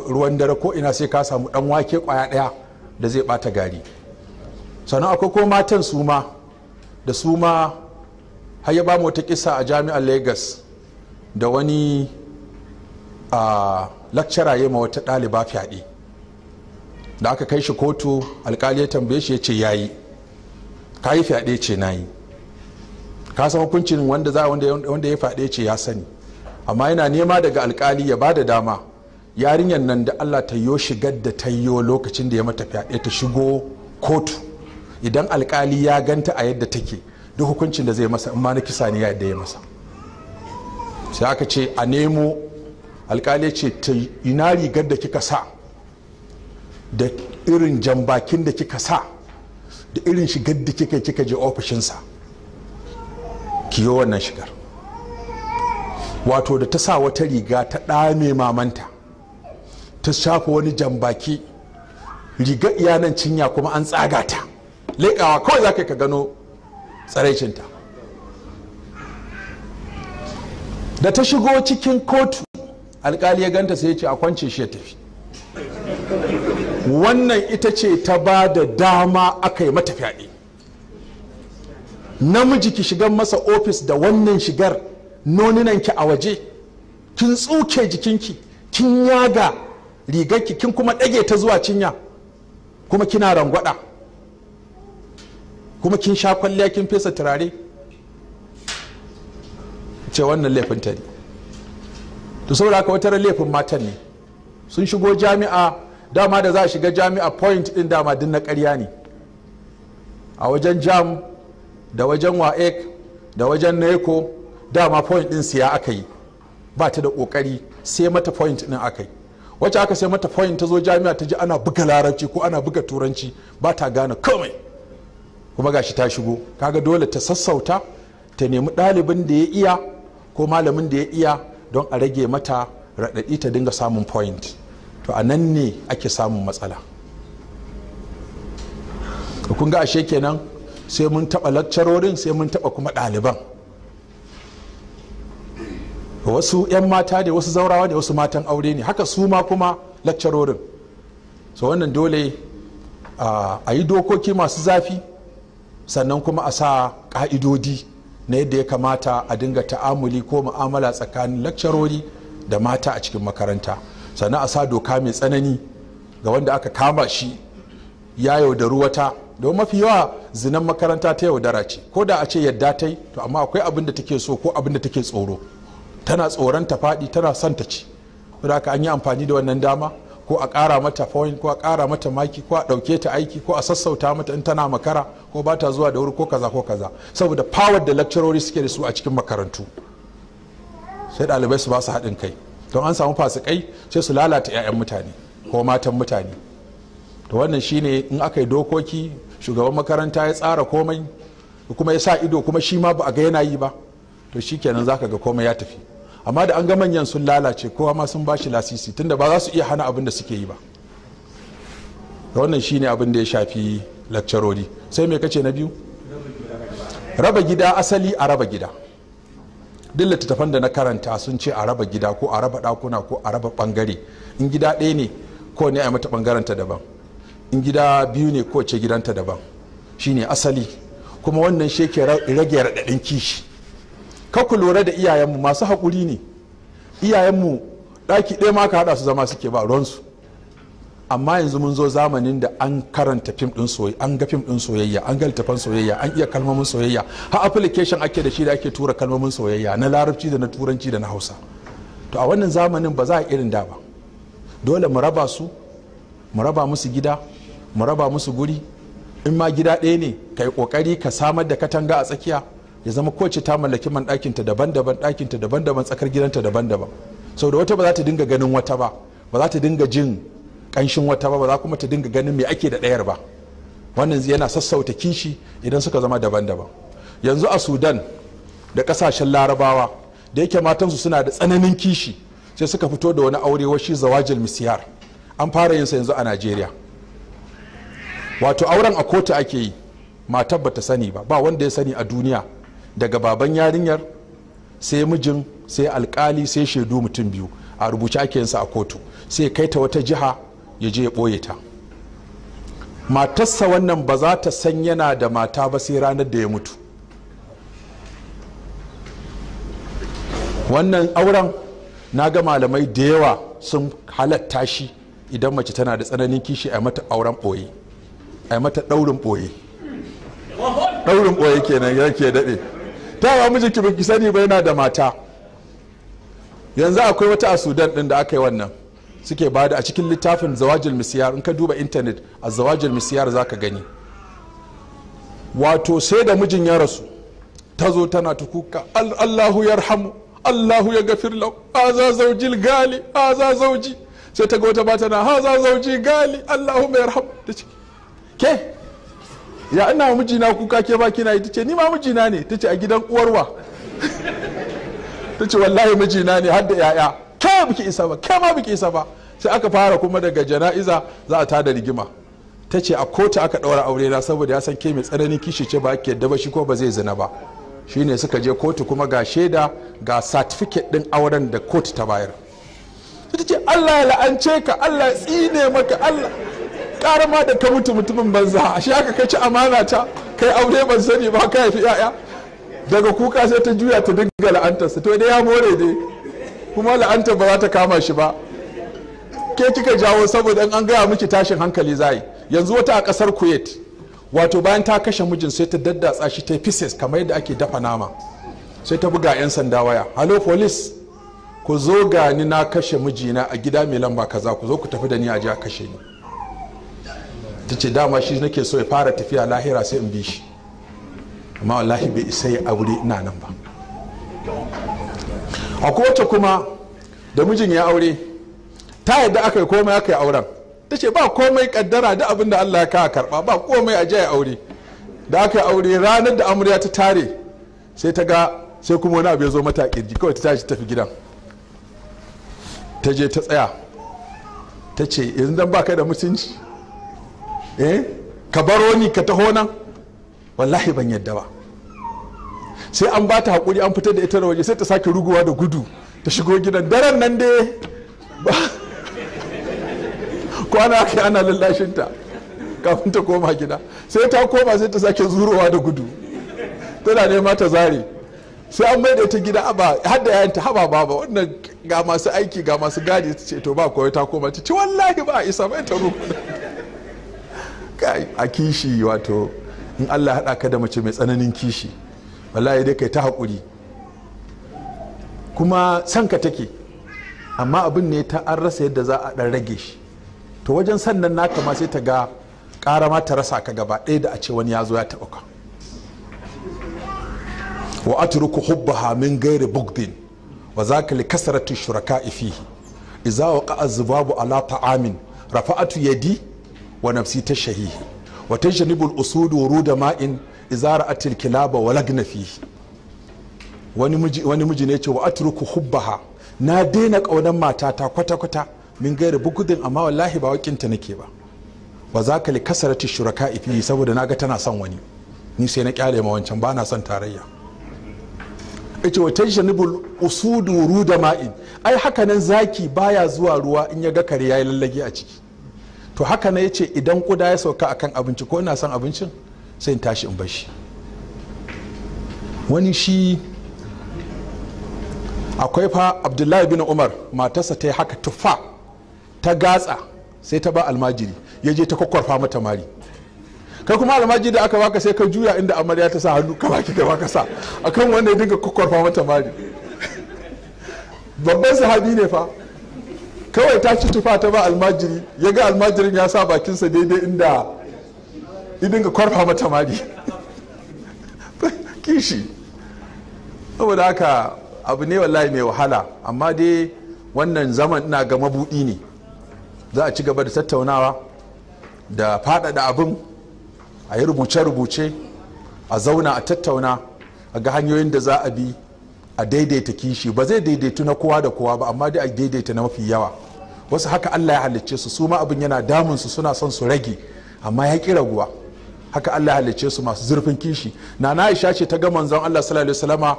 ruwan dare ko ina sai ka samu dan wake kwaya daya da zai bata gari sannan akwai ko matan su da suma har ya ba mu wata kisa a jami'ar lagos da wani a lakcara ya ma wata ɗaliba fyaɗe da aka kai shi kotu alkali ya tambaye shi ya ce yayi ka yi fyaɗe ce na yi ka san hukuncin wanda za wanda ya fyaɗe ce ya sani amma yana nema daga alkali ya ba da dama yarinyar nan da allah ta yo shigar da ta yo lokacin da ya mata fyaɗe ta shigo kotu idan alkali ya ganta a yadda take duk hukuncin da zai masa amma ma na kisa ne ya yadda ya masa sai aka ce a nemo alkali ce ta ina rigar da kika sa da irin jambakin da kika sa da irin shigar da kika kika je ofishinsa kiyo wannan shigar wato da ta sa wata riga ta ɗame mamanta ta shafa wani jambaki riga iyanan cinya kuma an tsaga ta leƙawa kawai za ka gano tsaraicinta da ta shigo cikin kotu alkali ya ganta sai ya ce a kwance shi ya tafi wannan ita ce ta ba da dama aka yi mata fyaɗe namiji ki shigan masa ofis da wannan shigar noninanki a waje kin tsuke jikinki kin yaga rigar kin kuma ɗage ta zuwa cinya kuma kina rangwada kuma kin sha kwalliya kin fesa turare ce wannan laifin ta ne to saboda haka wata laifin matan ne sun shigo jami'a dama da za a shiga jami'a point din dama din na karya ne a wajen jam da wajen waek da wajen naeko dama point din siya aka yi ba ta da ƙoƙari sai mata point din aka yi wacce aka sai mata point ta zo jami'a ta ji ana buga larabci ko ana buga turanci ba ta gane komai kuma gashi ta shigo kaga dole ta sassauta ta nemi ɗalibin da ya iya ko malamin da ya iya don a rage mata raɗaɗi ta dinga samun point to a nan ne ake samun matsala kun ga ashe kenan sai mun taɓa laccarorin sai mun taɓa kuma ɗaliban wasu 'yan mata ne wasu zaurawa ne wasu matan aure ne haka su ma kuma lakcarorin so wannan dole a yi dokoki masu zafi sannan kuma a sa ka'idodi na yadda ya kamata a dinga ta'amuli ko mu'amala tsakanin lakcarori da mata a cikin makaranta sannan a sa doka mai tsanani ga wanda aka kama shi ya yaudaru wata don mafi yawa zinan makaranta ta yaudara ce ko da a ce yadda ta yi to amma akwai abin da take so ko abin da take tsoro tana tsoron ta faɗi tana son ta ci haka an yi amfani da wannan dama ko a ƙara mata fawon ko a ƙara mata maki ko a ɗauke ta aiki ko a sassauta mata in tana makara ko ba ta zuwa da wuri ko kaza ko kaza saboda power da lecturers suke da su a cikin makarantu sai ɗalibai su ba su haɗin kai don an samu fasikai sai su lalata 'ya'yan mutane ko matan mutane to wannan shine in aka yi dokoki shugaban makaranta ya tsara komai kuma ya sa ido kuma shi ma ba a ga yana yi ba to shikenan zaka ga komai ya tafi amma da an ga manyan sun lalace kowa ma sun bashi lasisi tunda ba za su iya hana abin da suke yi ba da wannan shine abin da ya shafi lakcarori sai mai kace na biyu raba gida asali a raba gida duk littattafan da na karanta sun ce a raba gida ko a raba ɗakuna ko a raba ɓangare in gida ɗaya ne ko ne a mata ɓangaranta daban in gida biyu ne ko ce gidanta daban shine asali kuma wannan shi ke rage raɗaɗin kishi ka ku lura da iyayenmu masu haƙuri ne iyayenmu ɗaki ɗaya ma ka haɗa su zama suke ba ruwansu amma yanzu mun zo zamanin da an karanta fim ɗin soyayya an ga fim ɗin soyayya an ga littafan soyayya an iya kalmomin soyayya har application ake da shi da ake tura kalmomin soyayya na larabci da na turanci da na hausa to a wannan zamanin ba za a irin da ba dole mu raba su mu raba musu gida mu raba musu guri in ma gida ɗaya ne ka yi ƙoƙari ka samar da katanga a tsakiya ya zama kowace ta mallaki man ta daban-daban ɗakinta daban-daban tsakar gidanta daban-daban sau da wata ba za ta dinga ganin wata ba ba za ta dinga jin ƙanshin wata ba ba za kuma ta dinga ganin me ake da ɗayar ba wannan yana sassauta kishi idan suka zama daban-daban yanzu a sudan da ƙasashen larabawa da yake matansu suna da tsananin kishi sai suka fito da wani aure washi zawajil misiyar an fara yin su yanzu a najeriya wato auren a kotu ake yi matar ba sani ba ba wanda ya sani a duniya daga baban yarinyar sai mijin sai alkali sai shaidu mutum biyu a rubuce ake yinsa a kotu sai kai ta wata jiha ya je ya ɓoye ta matarsa wannan ba za ta san yana da mata ba sai ranar da ya mutu wannan auren na ga malamai da yawa sun halatta shi idan mace tana da tsananin kishi a mata auren ɓoye a mata ɗaurin ɓoye ɗaurin ɓoye kenan yake daɗe dama mijinki baki sani ba yana da mata yanzu akwai wata a sudan din da aka yi wannan suke bada a cikin littafin zawajil misiyar in ka duba intanet a zawajil misiyar za ka gani wato sai da mijin ya rasu ta zo tana ta kuka allahu ya rahamu allahu ya gafir lau aza zaujil gali Haza zauji sai ta ga wata ba tana haza zauji gali allahu mai rahamu ta ce ke ya ina mijina kuka ke ba kina yi ce ni ma mijina ne Ta ce a gidan uwarwa Ta ce wallahi mijina ne har da yaya ke biki isa ba ke ma biki isa ba sai aka fara kuma daga jana'iza za a tada rigima ta ce a kotu aka ɗaura aure na saboda ya san ke mai tsananin kishi ce ba ke daba shi ko ba zai zina ba shine suka je kotu kuma ga shaida ga satifiket din auren da kotu ta bayar ta ce allah ya la'ance ka allah ya tsine maka allah ƙara ma da ka mutu mutumin banza a shi aka ka ci amana ta kai aure ban sani ba ka haifi ya'ya daga kuka sai ta juya ta dinga la'antarsa to dai ya more dai kuma la'antar ba za ta kama shi ba ke kika jawo saboda an gaya miki tashin hankali zai yanzu wata a kasar kuwait wato bayan ta kashe mijin sai ta daddatsa shi ta pieces kamar yadda ake dafa nama sai ta buga 'yan sanda waya halo police ku zo gani na kashe mijina a gida mai lamba kaza ku zo ku tafi da ni a je a kashe ni ta ce dama shi nake so ya fara tafiya lahira sai in bi shi amma wallahi bai isa ya aure ina nan ba a kowace kuma da mijin ya aure ta yadda aka yi komai aka yi auren ta ce ba komai kaddara da abin da allah ya kawo karba ba komai a ya aure da aka yi aure ranar da amurya ta tare sai ta ga sai kuma wani abu ya zo mata kirji kawai ta tashi tafi gidan ta je ta tsaya ta ce yanzu dan baka da mutunci eh ka baro ni ka taho nan wallahi ban yadda ba sai an ba ta hakuri an fitar da ita da waje sai ta sake ruguwa da gudu ta shigo gidan daren nan dai [laughs] kwana kai ana lallashinta kafin ta koma gida sai ta koma sai ta sake zurowa da gudu tana nema ta zare sai an maida ta gida ba har da yayanta haba ba wannan ga masu aiki ga masu gadi ta ce to ba kawai ta koma ta ce wallahi ba a isa bai ta ruku a kishi wato in allah haɗa ka da mace mai tsananin kishi wallahi dai kai ta haƙuri kuma san ka take amma abin ne ta an rasa yadda za a ɗan rage shi to wajen sannan naka ma sai ta ga ƙara ma ta rasa ka gaba ɗaya da a ce wani ya zo ya taɓa ka wa atruku hubbaha min gairi bugdin wa za ka li kasaratu shuraka ifihi Iza wa ka'a zubabu ala ta'amin rafa'atu yadi wa nafsi ta shahi wa ta janibul usudu da ma'in izara atil kilaba wa lagna wani miji ne ce wa atruku hubbaha na daina ƙaunar matata kwata-kwata min gairi bugudin amma wallahi ba wakinta nake ba wa za ka li kasarati shuraka ifi saboda naga tana son wani ni sai na kyale ma wancan ba na son tarayya ita wa tajjanibul usudu da ma'in ai hakanan zaki baya zuwa ruwa in ya ga kare yayi lallage a ciki to haka na yace idan kuda ya sauka akan abinci ko ina son abincin sai in tashi in bar shi wani shi akwai fa abdullahi bin umar matarsa ta yi haka tufa ta gatsa sai ta ba almajiri ya je ta kwakwarfa mata mari kai kuma almajiri da aka baka sai ka juya inda amarya ta sa hannu ka baki ka baka sa akan wanda ya dinga kwakwarfa mata mari [laughs] babban sahabi ne fa kawai ta ci tufa ta ba almajiri ya ga almajirin ya sa bakinsa daidai inda idin ga kwarfa mata mari [laughs] kishi saboda haka abu ne wallahi mai wahala amma dai wannan zaman ina ga mabuɗi ne za a ci gaba da tattaunawa da faɗaɗa abin a yi rubuce-rubuce a zauna a tattauna a ga hanyoyin da za a bi a daidaita kishi ba zai daidaitu na kowa da kowa ba amma dai a daidaita na mafi yawa wasu haka Allah ya halicce su su ma abin yana damun su suna son su rage amma ya ki raguwa haka Allah ya halicce su masu zurfin kishi na Aisha ce ta ga manzon Allah sallallahu alaihi wasallama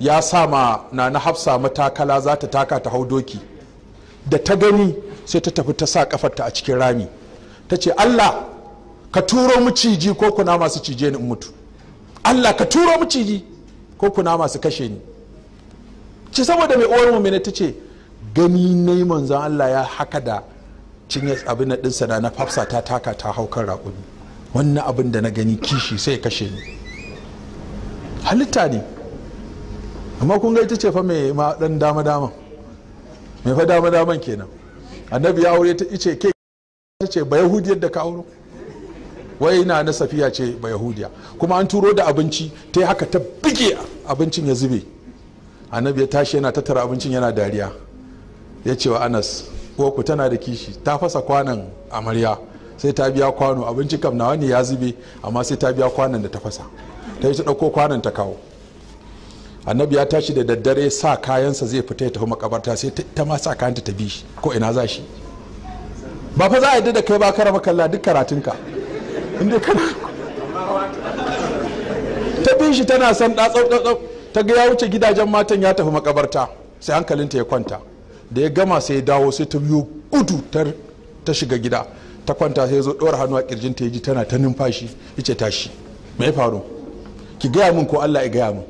ya sa ma na na Hafsa matakala za ta taka ta hau doki da ta gani sai ta tafi ta sa kafarta a cikin rami ta ce Allah ka turo mu ciji ko kuna masu cije ni in mutu Allah ka turo mu ciji ko kuna masu kashe ni ci saboda mai uwar mu ta ce gani na yi manzan Allah ya haka da cinye abin na ɗinsa da na fafsa ta taka ta hau kan raƙumi wannan abin da na gani kishi sai kashe ni halitta ne amma kun ga ita ce fa mai ma dan dama dama mai fa dama daman kenan annabi ya aure ta ice ke ta ce ba yahudiyar da ka aure? wai na na safiya ce ba yahudiya kuma an turo da abinci ta haka ta bige abincin ya zube annabi ya tashi yana tattara abincin yana dariya ya ce wa anas uwarku tana da kishi ta fasa kwanan amarya sai ta biya kwano abinci kam na wani ya zube amma sai ta biya kwanan da ta fasa ta yi ta ɗauko kwanan ta kawo annabi ya tashi da daddare sa kayansa zai fita ya tafi makabarta sai ta ma sa kayanta ta bi shi ko ina za shi ba fa za a yadda da kai ba kara makalla duk karatunka inda kana ta bi shi tana son ɗatsau ta ga ya wuce gidajen matan ya tafi makabarta sai hankalinta ya kwanta da ya gama sai ya dawo sai ta biyo gudu ta shiga gida ta kwanta sai ya zo ɗora hannu a kirjin ta ji tana ta numfashi ya ce tashi me ya faru ki gaya min ko allah ya gaya min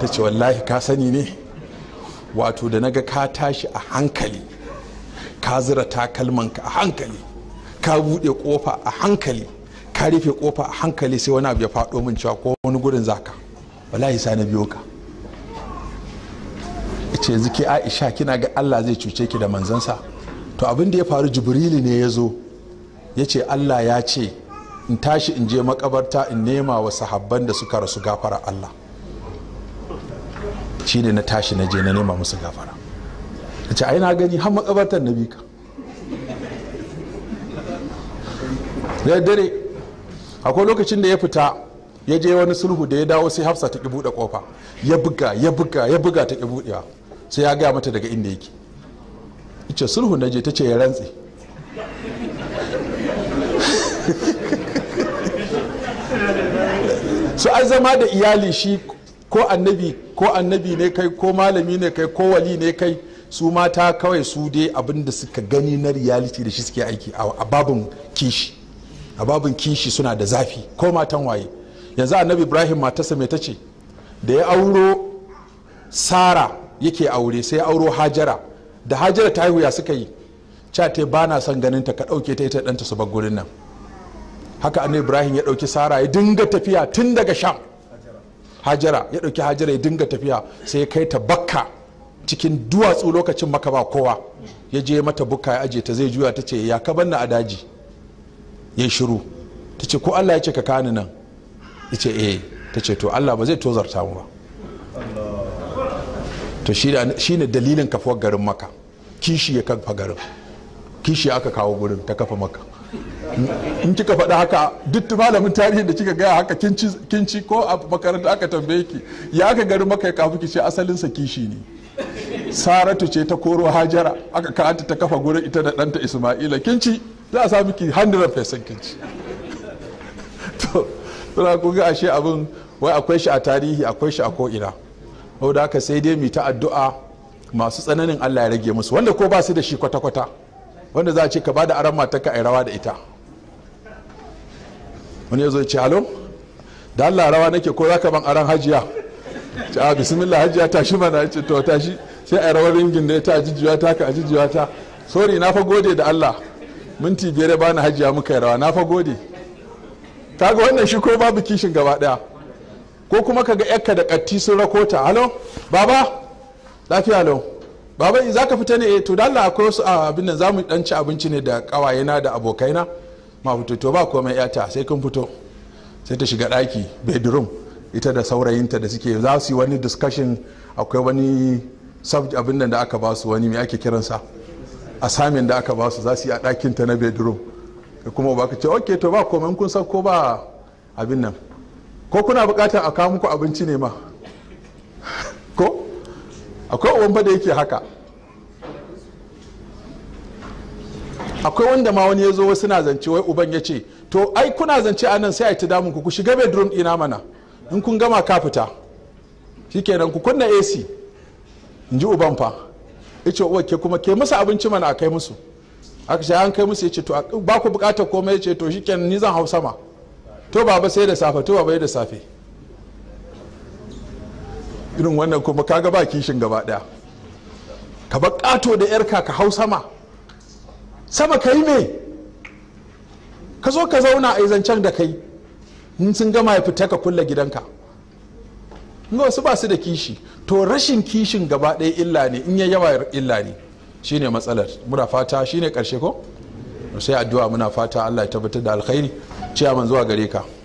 ta ce wallahi ka sani ne wato da naga ka tashi a hankali ka zira ka a hankali ka buɗe kofa a hankali ka rufe kofa a hankali sai wani abu ya faɗo min cewa ko wani gurin zaka wallahi sa na biyo ka ce yanzu aisha kina ga allah zai cuce ki da manzansa to abin da ya faru jibrili ne ya zo ya ce allah ya ce in tashi in je makabarta in nema wa sahabban da suka rasu gafara allah shi ne na tashi na je na nema musu gafara ya ce yi na gani har makabartar na bika da dare akwai lokacin da ya fita ya je wani sulhu da ya dawo sai hafsa ta ki buɗe kofa ya buga ya buga ya buga ta ki buɗewa sai ya gaya mata daga inda yake ce sulhu na je ta ce ya rantse su [laughs] an zama da iyali shi ko annabi ko annabi ne kai ko malami ne kai ko wali ne kai su mata kawai su dai abinda da suka gani na reality da shi suke aiki a babin kishi a babin kishi suna da zafi ko matan waye yanzu annabi ibrahim matarsa mai ta ce da ya auro sara yake aure sai auro hajara da hajara ta haihu ya suka yi ca ta ba na son ganin ta ka ɗauke ta ita ɗanta su bar gurin nan haka annabi ibrahim ya ɗauki sara ya dinga tafiya tun daga sham hajara ya ɗauki hajara ya dinga tafiya sai ya kai ta bakka cikin duwatsu lokacin maka ba kowa ya je mata bukka ya aje ta zai juya ta ce ya ka banna a daji ya shiru ta ce ko allah ya ce ka kani nan ya ce eh ta ce to allah ba zai tozarta mu ba to shi ne dalilin kafuwar garin maka kishi ya kafa garin kishi aka kawo gurin ta kafa maka in kika faɗa haka duk malamin tarihin da kika gaya haka kinci ko a makaranta aka tambaye ki ya aka garin maka ya kafa kishi asalinsa kishi ne saratu ce ta koro hajara aka kanta ta kafa gurin ita da ɗanta isma'ila kinci za a sami ki 100% kinci ci [laughs] to ku kun ga ashe abin wai akwai shi a tarihi akwai shi a ko'ina da haka sai dai mu ta addu'a masu tsananin Allah ya rage musu wanda ko ba su da shi kwata-kwata wanda za a ce ka ba da aran matarka ai rawa da ita wani ya zo ce halo da Allah rawa nake ko za ka ban aran hajiya ta bismillah hajiya tashi mana ce to tashi sai a rawar ringin da ta ajijiya ta ka ajijiya ta sorry na fa gode da Allah minti biyar bana hajiya muka rawa na fa gode kaga wannan shi ko babu kishin gaba daya ko kuma ka ga yakka da katti sun rako ta halo baba lafiya halo baba za ka fita ne eh, to da Allah akwai wasu ah, abin nan zamu dan ci abinci ne da kawayena da abokaina ma fito to ba komai yata sai kun fito sai ta shiga daki bedroom ita da saurayinta da suke za su yi wani discussion akwai wani subject abin da aka ba su wani me ake kiransa assignment da aka ba su za su yi a ɗakinta na bedroom kuma ba ka ce ok to ba komai kun sauko ba abin nan ko kuna bukatar a kawo muku abinci ne ma ko akwai uban da yake haka akwai wanda ma wani ya zo suna zance wai uban ya ce to ai kuna zance a nan sai a ci damun ku ku shiga bedroom ina mana in kun gama ka fita shikenan ku kunna ac in ji uban fa ya ce uwa ke kuma ke musu abinci mana a kai musu aka ce an kai musu ya ce to ba ku bukatar komai ya ce to shikenan ni zan hau sama to baba sai da safe to baba da safe irin wannan kuma kaga ba kishin gaba daya ka bar kato da yarka ka hau sama sama ka yi me ka zo ka zauna a zancen da kai in sun gama ya fita ka kulle gidanka ga wasu ba su da kishi to rashin kishin gaba daya illa ne in ya yawa illa ne shine matsalar muna fata shine karshe ko sai addu'a muna fata Allah ya tabbatar da alkhairi ciyaman zuwa gare ka